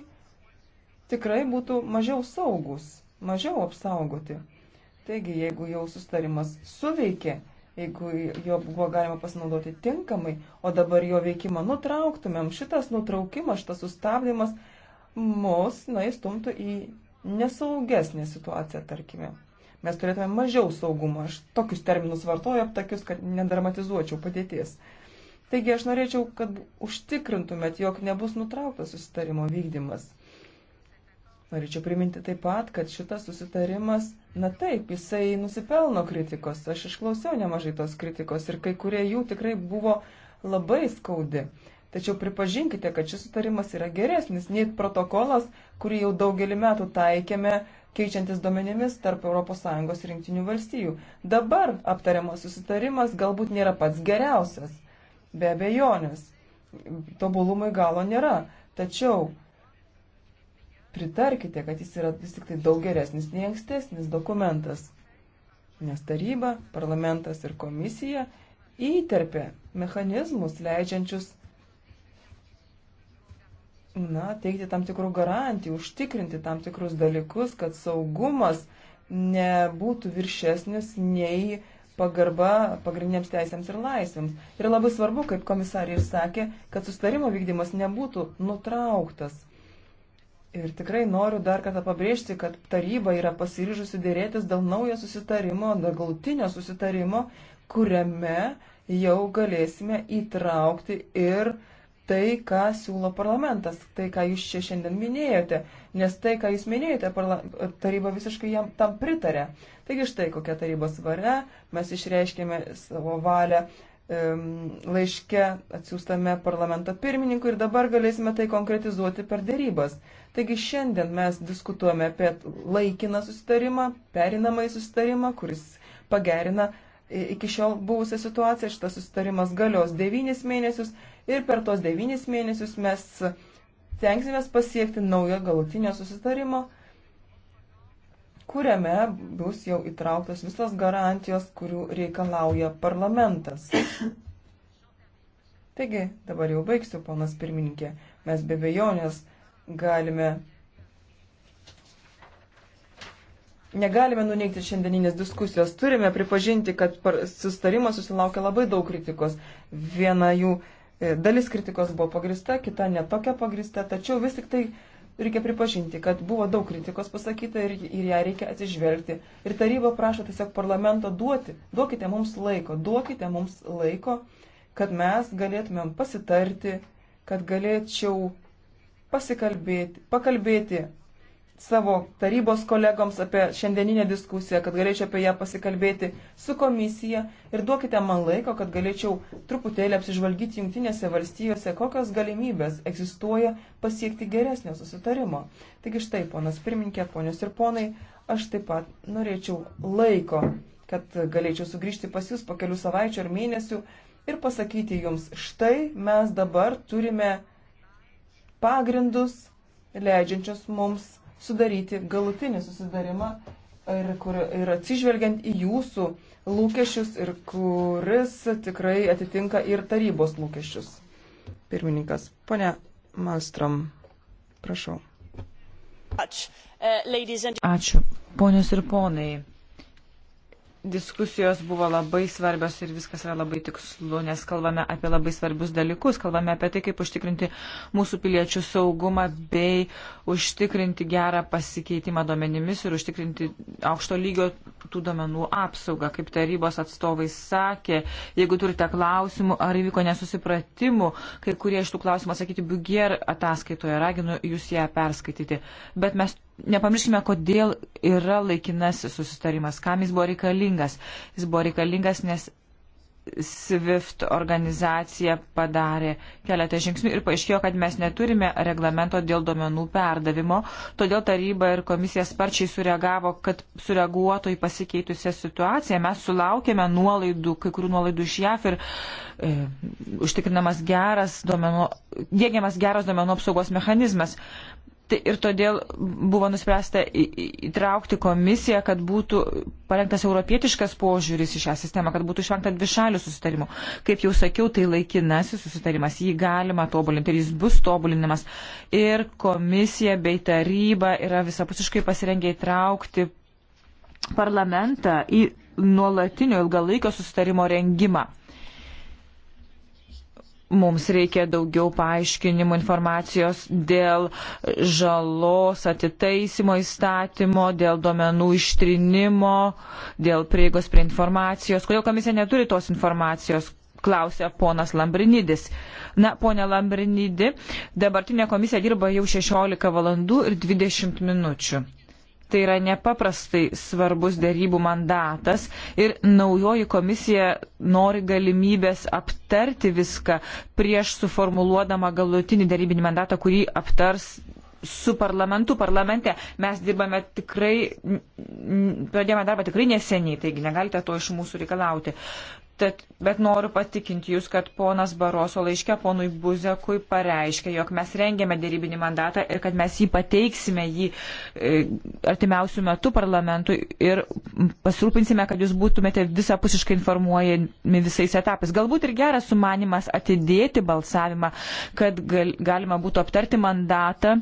tikrai būtų mažiau saugus, mažiau apsaugoti. Taigi, jeigu jau sustarimas suveikė, jeigu jo buvo galima pasinaudoti tinkamai, o dabar jo veikimą nutrauktumėm, šitas nutraukimas, šitas sustabdymas mus, na, įstumtų į nesaugesnę situaciją, tarkime. Mes turėtume mažiau saugumo. Aš tokius terminus vartoju aptakius, kad nedramatizuočiau padėties. Taigi aš norėčiau, kad užtikrintumėt, jog nebus nutrauktas susitarimo vykdymas. Norėčiau priminti taip pat, kad šitas susitarimas, na taip, jisai nusipelno kritikos. Aš išklausiau nemažai tos kritikos ir kai kurie jų tikrai buvo labai skaudi. Tačiau pripažinkite, kad šis sutarimas yra geresnis nei protokolas, kurį jau daugelį metų taikėme keičiantis duomenimis tarp ES ir rinktinių valstijų. Dabar aptariamas susitarimas galbūt nėra pats geriausias, be abejonės, tobulumui galo nėra, tačiau pritarkite, kad jis yra vis tik tai daug geresnis nei ankstesnis dokumentas, nes taryba, parlamentas ir komisija įterpia mechanizmus leidžiančius na, teikti tam tikrų garantijų, užtikrinti tam tikrus dalykus, kad saugumas nebūtų viršesnis nei pagarba pagrindiniams teisėms ir laisvėms. Ir labai svarbu, kaip komisarė ir sakė, kad sustarimo vykdymas nebūtų nutrauktas. Ir tikrai noriu dar kartą pabrėžti, kad taryba yra pasiryžusi dėrėtis dėl naujo susitarimo, dėl gautinio susitarimo, kuriame jau galėsime įtraukti ir uh, tai, ką siūlo parlamentas, tai, ką jūs čia šiandien minėjote, nes tai, ką jūs minėjote, parla... taryba visiškai jam tam pritarė. Taigi štai kokia tarybos valia, mes išreiškėme savo valią um, laiške atsiųstame parlamento pirmininkui ir dabar galėsime tai konkretizuoti per dėrybas. Taigi šiandien mes diskutuojame apie laikiną susitarimą, perinamąjį susitarimą, kuris pagerina iki šiol buvusią situaciją. Šitas susitarimas galios devynis mėnesius ir per tos devynis mėnesius mes tenksimės pasiekti naujo galutinio susitarimo, kuriame bus jau įtrauktos visos garantijos, kurių reikalauja parlamentas. Taigi, dabar jau baigsiu, ponas pirmininkė. Mes be bejonės galime negalime nuneikti šiandieninės diskusijos. Turime pripažinti, kad sustarimas susilaukia labai daug kritikos. Viena jų E, dalis kritikos buvo pagrista, kita netokia pagrista, tačiau vis tik tai reikia pripažinti, kad buvo daug kritikos pasakyta ir, ir ją reikia atsižvelgti. Ir taryba prašo tiesiog parlamento duoti, duokite mums laiko, duokite mums laiko, kad mes galėtumėm pasitarti, kad galėčiau pasikalbėti, pakalbėti savo tarybos kolegoms apie šiandieninę diskusiją, kad galėčiau apie ją pasikalbėti su komisija ir duokite man laiko, kad galėčiau truputėlį apsižvalgyti jungtinėse valstijose, kokios galimybės egzistuoja pasiekti geresnio susitarimo. Taigi štai, ponas pirmininkė, ponios ir ponai, aš taip pat norėčiau laiko, kad galėčiau sugrįžti pas jūs po kelių savaičių ar mėnesių ir pasakyti jums, štai mes dabar turime pagrindus leidžiančius mums sudaryti galutinį susidarimą ir, kur, ir atsižvelgiant į jūsų lūkesčius ir kuris tikrai atitinka ir tarybos lūkesčius. Pirmininkas, ponia Malstrom, prašau. Uh, Ačiū. Ačiū. Ponios ir ponai, diskusijos buvo labai svarbios ir viskas yra labai tikslu, nes kalbame apie labai svarbius dalykus, kalbame apie tai, kaip užtikrinti mūsų piliečių saugumą bei užtikrinti gerą pasikeitimą duomenimis ir užtikrinti aukšto lygio tų duomenų apsaugą. Kaip tarybos atstovai sakė, jeigu turite klausimų ar įvyko nesusipratimų, kai kurie iš tų klausimų sakyti Bugier ataskaitoje, raginu jūs ją perskaityti. Bet mes nepamirškime, kodėl yra laikinasis susitarimas, kam jis buvo reikalingas. Jis buvo reikalingas, nes SWIFT organizacija padarė keletą žingsnių ir paaiškėjo, kad mes neturime reglamento dėl duomenų perdavimo, todėl taryba ir komisija sparčiai sureagavo, kad sureaguotų į pasikeitusią situaciją. Mes sulaukėme nuolaidų, kai kurių nuolaidų iš JAF ir e, užtikrinamas geras duomenų, dėgiamas geras duomenų apsaugos mechanizmas. E, ir todėl buvo nuspręsta įtraukti komisiją, kad būtų parengtas europietiškas požiūris į šią sistemą, kad būtų išvengta dvišalių susitarimų. Kaip jau sakiau, tai laikinasis susitarimas, jį galima tobulinti ir jis bus tobulinamas. Ir komisija bei taryba yra visapusiškai pasirengę įtraukti parlamentą į nuolatinio ilgalaikio susitarimo rengimą. Mums reikia daugiau paaiškinimų informacijos dėl žalos atitaisimo įstatymo, dėl duomenų ištrinimo, dėl prieigos prie informacijos. Kodėl komisija neturi tos informacijos, klausia ponas Lambrinidis. Na, ponė Lambrinidi, dabartinė komisija dirba jau 16 valandų ir 20 minučių tai yra nepaprastai svarbus dėrybų mandatas ir naujoji komisija nori galimybės aptarti viską prieš suformuluodama galutinį dėrybinį mandatą, kurį aptars su parlamentu, parlamente. Mes dirbame tikrai, pradėjome darbą tikrai neseniai, taigi negalite to iš mūsų reikalauti. Tad, bet noriu patikinti Jūs, kad ponas Baroso laiške ponui Buzekui pareiškė, jog mes rengėme dėrybinį mandatą ir kad mes jį pateiksime jį e, artimiausių metų parlamentui ir pasirūpinsime, kad Jūs būtumėte visapusiškai informuojami visais etapais. Galbūt ir geras sumanimas atidėti balsavimą, kad gal, galima būtų aptarti mandatą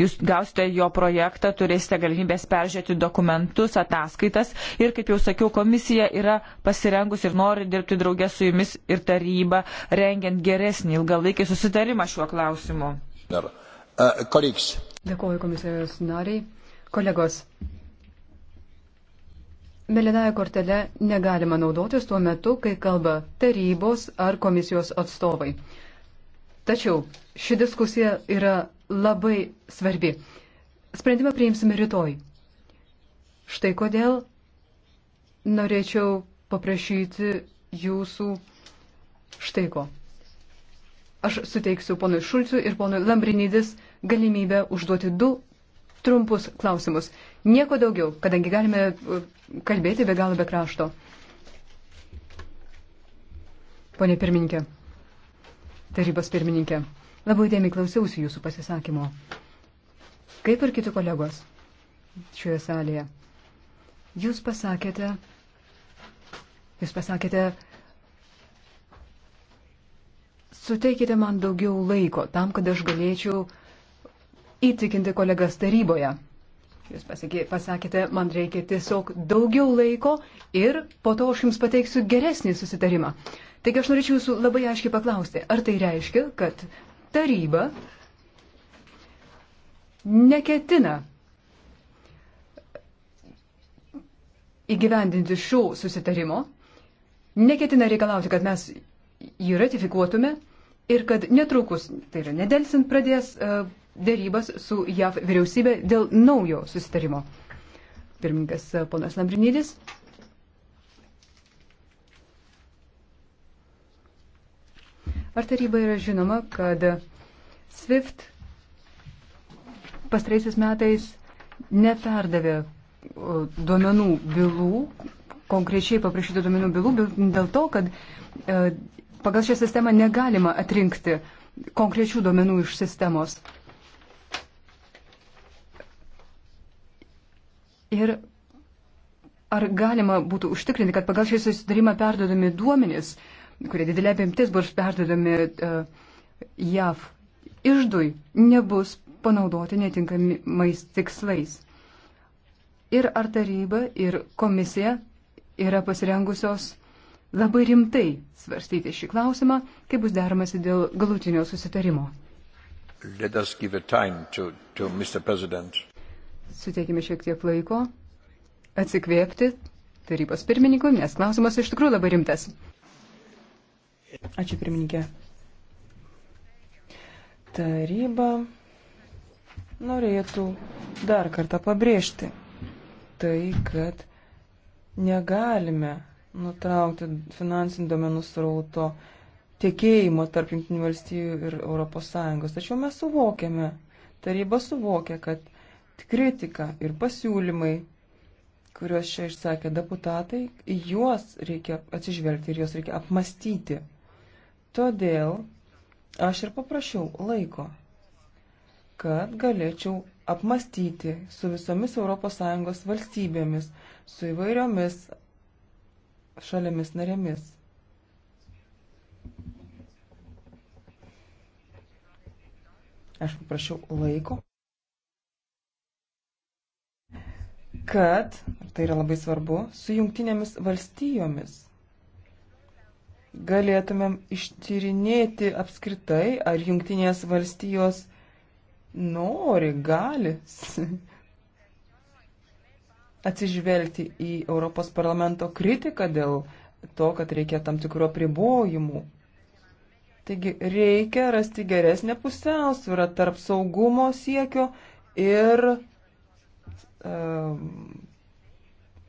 Jūs gausite jo projektą, turėsite galimybės peržiūrėti dokumentus, ataskaitas ir, kaip jau sakiau, komisija yra pasirengus ir nori dirbti draugė su jumis ir taryba, rengiant geresnį ilgalaikį susitarimą šiuo klausimu. E, Dėkuoju komisijos nariai. Kolegos, Melinąją kortelę negalima naudotis tuo metu, kai kalba tarybos ar komisijos atstovai. Tačiau ši diskusija yra labai svarbi. Sprendimą priimsime rytoj. Štai kodėl norėčiau paprašyti jūsų štai ko. Aš suteiksiu ponui Šulciu ir ponui Lambrinydis galimybę užduoti du trumpus klausimus. Nieko daugiau, kadangi galime uh, kalbėti be galo be krašto. Pone pirmininkė, tarybos pirmininkė. Labai dėmi klausiausi jūsų pasisakymo. Kaip ir kiti kolegos šioje salėje. Jūs pasakėte, jūs pasakėte, suteikite man daugiau laiko tam, kad aš galėčiau įtikinti kolegas taryboje. Jūs pasakėte, man reikia tiesiog daugiau laiko ir po to aš jums pateiksiu geresnį susitarimą. Taigi aš norėčiau jūsų labai aiškiai paklausti, ar tai reiškia, kad taryba neketina įgyvendinti šio susitarimo, neketina reikalauti, kad mes jį ratifikuotume ir kad netrukus, tai yra nedelsint, pradės e, dėrybas su JAV vyriausybė dėl naujo susitarimo. Pirmininkas e, ponas Lambrinydis. Ar taryba yra žinoma, kad SWIFT pastraisiais metais neperdavė duomenų bylų, konkrečiai paprašytų duomenų bylų, dėl to, kad e, pagal šią sistemą negalima atrinkti konkrečių duomenų iš sistemos. Ir ar galima būtų užtikrinti, kad pagal šį susidarimą perdodami duomenys uh, kurie didelė apimtis bus perdodami e, JAV išdui, nebus panaudoti netinkamais tikslais. Ir ar taryba, ir komisija yra pasirengusios labai rimtai svarstyti šį klausimą, kai bus daromasi dėl galutinio susitarimo. To, to Suteikime šiek tiek laiko atsikvėpti tarybos pirmininkui, nes klausimas iš tikrųjų labai rimtas. Ačiū, pirmininkė. Taryba norėtų dar kartą pabrėžti tai, kad negalime nutraukti finansinių domenų srauto tiekėjimo tarp Junktinių valstybių ir ES. Tačiau mes suvokiame, taryba suvokia, kad kritika ir pasiūlymai, kuriuos čia išsakė deputatai, juos reikia atsižvelgti ir juos reikia apmastyti. Todėl aš ir paprašiau laiko, kad galėčiau apmastyti su visomis ES valstybėmis, su įvairiomis šalimis narėmis. Aš paprašiau laiko, kad, tai yra labai svarbu, su jungtinėmis valstijomis galėtumėm ištyrinėti apskritai, ar jungtinės valstijos nori, gali atsižvelgti į Europos parlamento kritiką dėl to, kad reikia tam tikruo pribojimu. Taigi reikia rasti geresnę pusiausvyrą tarp saugumo siekio ir um,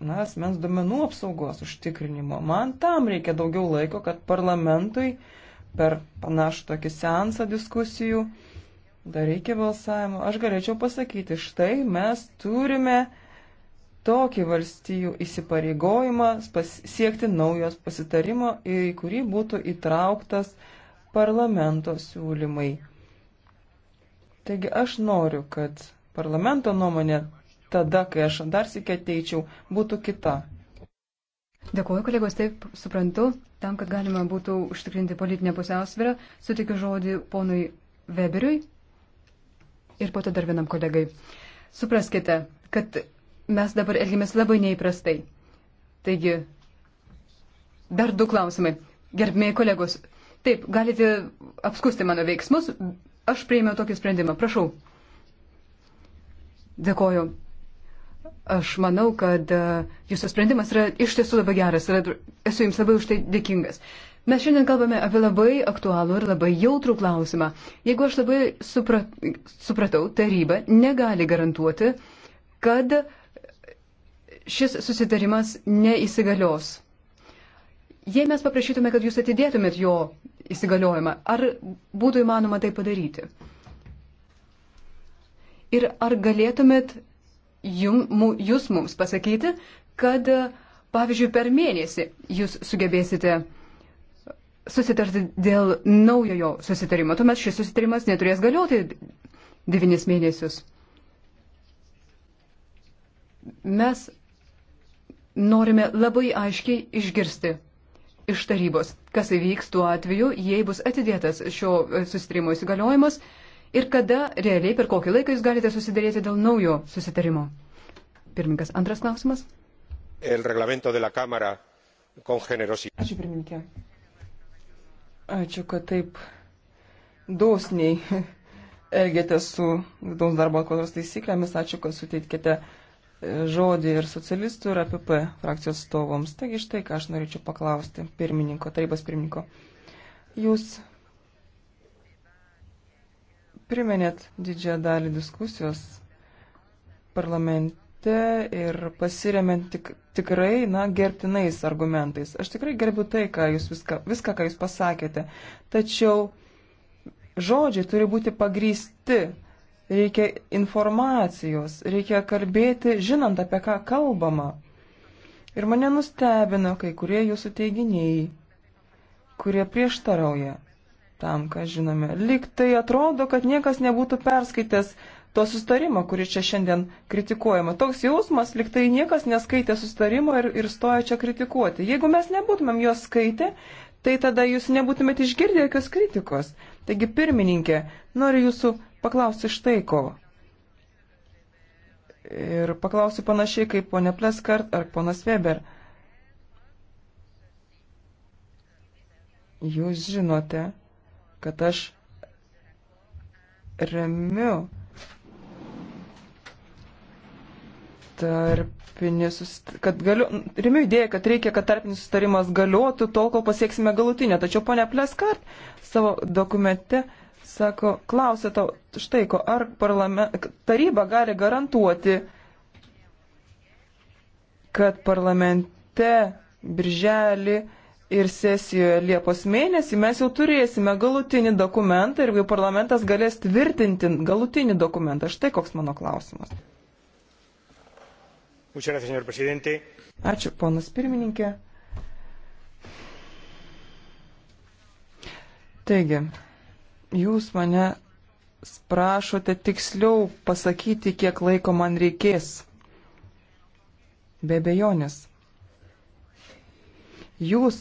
na, asmens duomenų apsaugos užtikrinimo. Man tam reikia daugiau laiko, kad parlamentui per panašų tokį seansą diskusijų dar reikia balsavimo. Aš galėčiau pasakyti, štai mes turime tokį valstijų įsipareigojimą siekti naujos pasitarimo, į kurį būtų įtrauktas parlamento siūlymai. Taigi aš noriu, kad parlamento nuomonė tada, kai aš dar sikė ateičiau, būtų kita. Dėkuoju, kolegos, taip suprantu. Tam, kad galima būtų užtikrinti politinę pusiausvyrą, sutikiu žodį ponui Weberiui ir po to dar vienam kolegai. Supraskite, kad mes dabar elgiamės labai neįprastai. Taigi, dar du klausimai. Gerbėjai kolegos, taip, galite apskusti mano veiksmus. Aš prieimiau tokį sprendimą. Prašau. Dėkoju. Aš manau, kad e, jūsų sprendimas yra iš tiesų labai geras ir esu jums labai už tai dėkingas. Mes šiandien kalbame apie labai aktualų ir labai jautrų klausimą. Jeigu aš labai suprat, supratau, taryba negali garantuoti, kad šis susitarimas neįsigalios. Jei mes paprašytume, kad jūs atidėtumėt jo įsigaliojimą, ar būtų įmanoma tai padaryti? Ir ar galėtumėt jum, mu, jūs mums pasakyti, kad, pavyzdžiui, per mėnesį jūs sugebėsite susitarti dėl naujojo susitarimo. Tuomet šis susitarimas neturės galioti devynis mėnesius. Mes norime labai aiškiai išgirsti iš tarybos, kas įvyks tuo atveju, jei bus atidėtas šio e, susitarimo įsigaliojimas ir kada realiai per kokį laiką jūs galite susidaryti dėl naujo susitarimo? Pirmininkas, antras klausimas. Ačiū, pirmininkė. Ačiū, kad taip dosniai elgėtės su vidaus darbo kodros taisyklėmis. Ačiū, kad suteikėte e, žodį ir socialistų, ir APP frakcijos stovams. Taigi štai, ką aš norėčiau paklausti pirmininko, tarybos pirmininko. Jūs priminėt didžiąją dalį diskusijos parlamente ir pasiremiant tik, tikrai, na, gerbtinais argumentais. Aš tikrai gerbiu tai, ką jūs viską, viską, ką jūs pasakėte. Tačiau žodžiai turi būti pagrysti. Reikia informacijos, reikia kalbėti, žinant, apie ką kalbama. Ir mane nustebino kai kurie jūsų teiginiai, kurie prieštarauja tam, ką žinome. Lik tai atrodo, kad niekas nebūtų perskaitęs to sustarimo, kuris čia šiandien kritikuojama. Toks jausmas, lik tai niekas neskaitė sustarimo ir, ir stoja čia kritikuoti. Jeigu mes nebūtumėm jos skaitę, tai tada jūs nebūtumėt išgirdę jokios kritikos. Taigi, pirmininkė, noriu jūsų paklausti štai ko. Ir paklausiu panašiai kaip ponė Pleskart ar ponas Weber. Jūs žinote, kad aš remiu tarpinį susitarimą, kad galiu, remiu idėją, kad reikia, kad tarpinis susitarimas galiotų tol, kol pasieksime galutinę. Tačiau ponia Pleskart savo dokumente sako, klausia tau štai ko, ar parlame, taryba gali garantuoti, kad parlamente birželį ir sesijoje Liepos mėnesį mes jau turėsime galutinį dokumentą ir jau parlamentas galės tvirtinti galutinį dokumentą. Štai koks mano klausimas. Ačiū, ponas pirmininkė. Taigi, jūs mane prašote tiksliau pasakyti, kiek laiko man reikės. Be bejonės. Jūs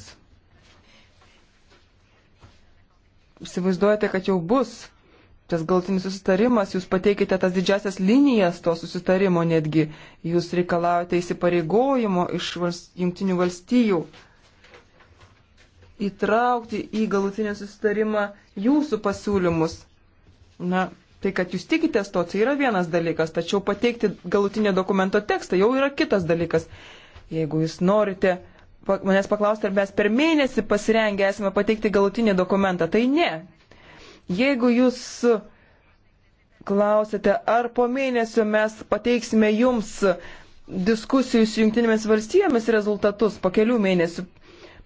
įsivaizduojate, kad jau bus tas galtinis susitarimas, jūs pateikite tas didžiasias linijas to susitarimo netgi, jūs reikalaujate įsipareigojimo iš valst, jungtinių valstijų įtraukti į galutinį susitarimą jūsų pasiūlymus. Na, tai, kad jūs tikitės to, tai yra vienas dalykas, tačiau pateikti galutinio dokumento tekstą jau yra kitas dalykas. Jeigu jūs norite manęs paklausti, ar mes per mėnesį pasirengę esame pateikti galutinį dokumentą. Tai ne. Jeigu jūs klausite, ar po mėnesio mes pateiksime jums diskusijų su jungtinėmis valstybėmis rezultatus, po kelių mėnesių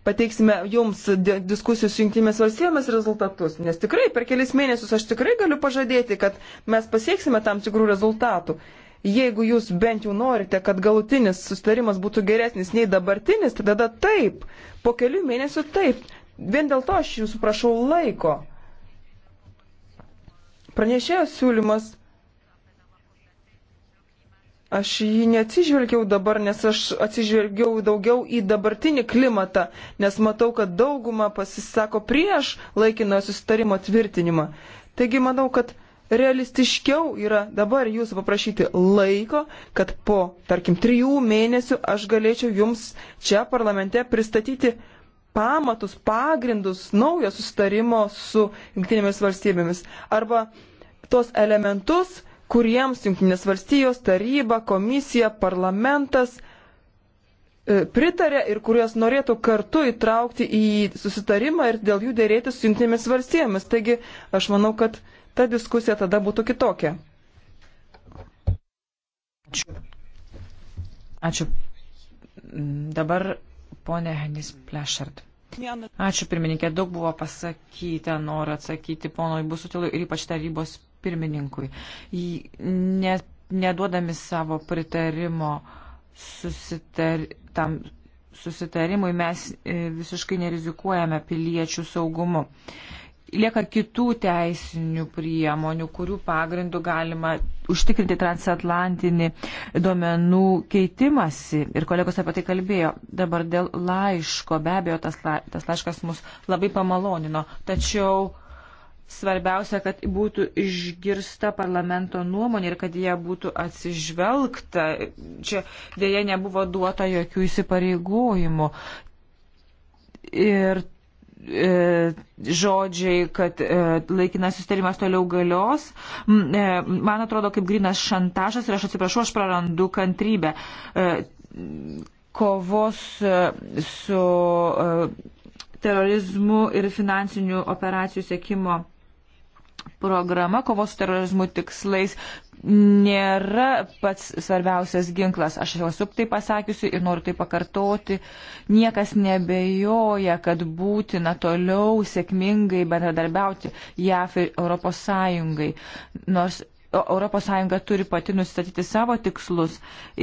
pateiksime jums diskusijų su jungtinėmis valstybėmis rezultatus, nes tikrai per kelis mėnesius aš tikrai galiu pažadėti, kad mes pasieksime tam tikrų rezultatų jeigu jūs bent jau norite, kad galutinis sustarimas būtų geresnis nei dabartinis, tai tada taip, po kelių mėnesių taip. Vien dėl to aš jūsų prašau laiko. Pranešėjo siūlymas. Aš jį neatsižvelgiau dabar, nes aš atsižvelgiau daugiau į dabartinį klimatą, nes matau, kad dauguma pasisako prieš laikinojo susitarimo tvirtinimą. Taigi manau, kad realistiškiau yra dabar jūsų paprašyti laiko, kad po, tarkim, trijų mėnesių aš galėčiau jums čia parlamente pristatyti pamatus, pagrindus naujo sustarimo su jungtinėmis valstybėmis. Arba tos elementus, kuriems jungtinės valstijos, taryba, komisija, parlamentas e, pritarė ir kuriuos norėtų kartu įtraukti į susitarimą ir dėl jų dėrėti su jungtinėmis valstijomis. Taigi aš manau, kad ta diskusija tada būtų kitokia. Ačiū. Ačiū. Dabar ponė Henis Plešard. Ačiū pirmininkė, daug buvo pasakyta, noriu atsakyti ponui Busutilui ir ypač tarybos pirmininkui. Ne, neduodami savo pritarimo susitar, tam susitarimui mes e, visiškai nerizikuojame piliečių saugumu. E, lieka kitų teisinių priemonių, kurių pagrindų galima užtikrinti transatlantinį duomenų keitimąsi. Ir kolegos apie tai kalbėjo. Dabar dėl laiško, be abejo, tas, la, tas laiškas mus labai pamalonino. Tačiau svarbiausia, kad būtų išgirsta parlamento nuomonė ir kad jie būtų atsižvelgta. Čia dėja nebuvo duota jokių įsipareigojimų. Ir E, žodžiai, kad e, laikinas sustarimas toliau galios, e, man atrodo kaip grinas šantažas ir aš atsiprašau, aš prarandu kantrybę. Kovos su terorizmu ir finansinių operacijų sėkimo programa kovos su terorizmu tikslais nėra pats svarbiausias ginklas. Aš jau esu tai pasakiusi ir noriu tai pakartoti. Niekas nebejoja, kad būtina toliau sėkmingai bendradarbiauti JAF ir Europos Sąjungai. Nors Europos Sąjunga turi pati nustatyti savo tikslus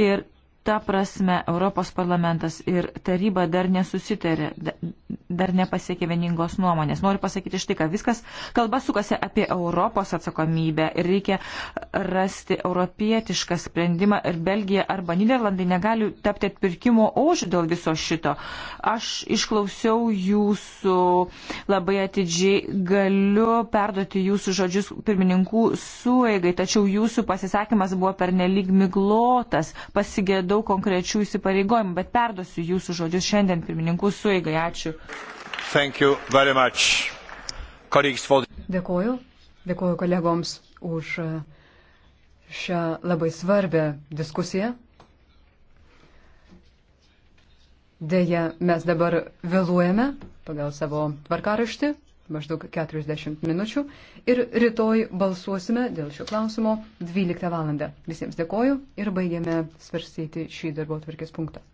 ir Ta prasme, Europos parlamentas ir taryba dar nesusitarė, dar nepasiekė vieningos nuomonės. Noriu pasakyti štai, kad viskas kalba sukasi apie Europos atsakomybę ir reikia rasti europietišką sprendimą ir Belgija arba Niderlandai negali tapti atpirkimo ožių dėl viso šito. Aš išklausiau jūsų labai atidžiai, galiu perduoti jūsų žodžius pirmininkų suėgai, tačiau jūsų pasisakymas buvo pernelyg miglotas, pasigėdų daug konkrečių įsipareigojimų, bet perduosiu jūsų žodžius šiandien pirmininkų suigai. Ačiū. For... Dėkuoju. Dėkuoju kolegoms už e, šią labai svarbę diskusiją. Deja, mes dabar vėluojame pagal savo tvarkaraštį maždaug 40 minučių ir rytoj balsuosime dėl šio klausimo 12 val. Visiems dėkoju ir baigiame svarstyti šį darbo tvarkės punktą.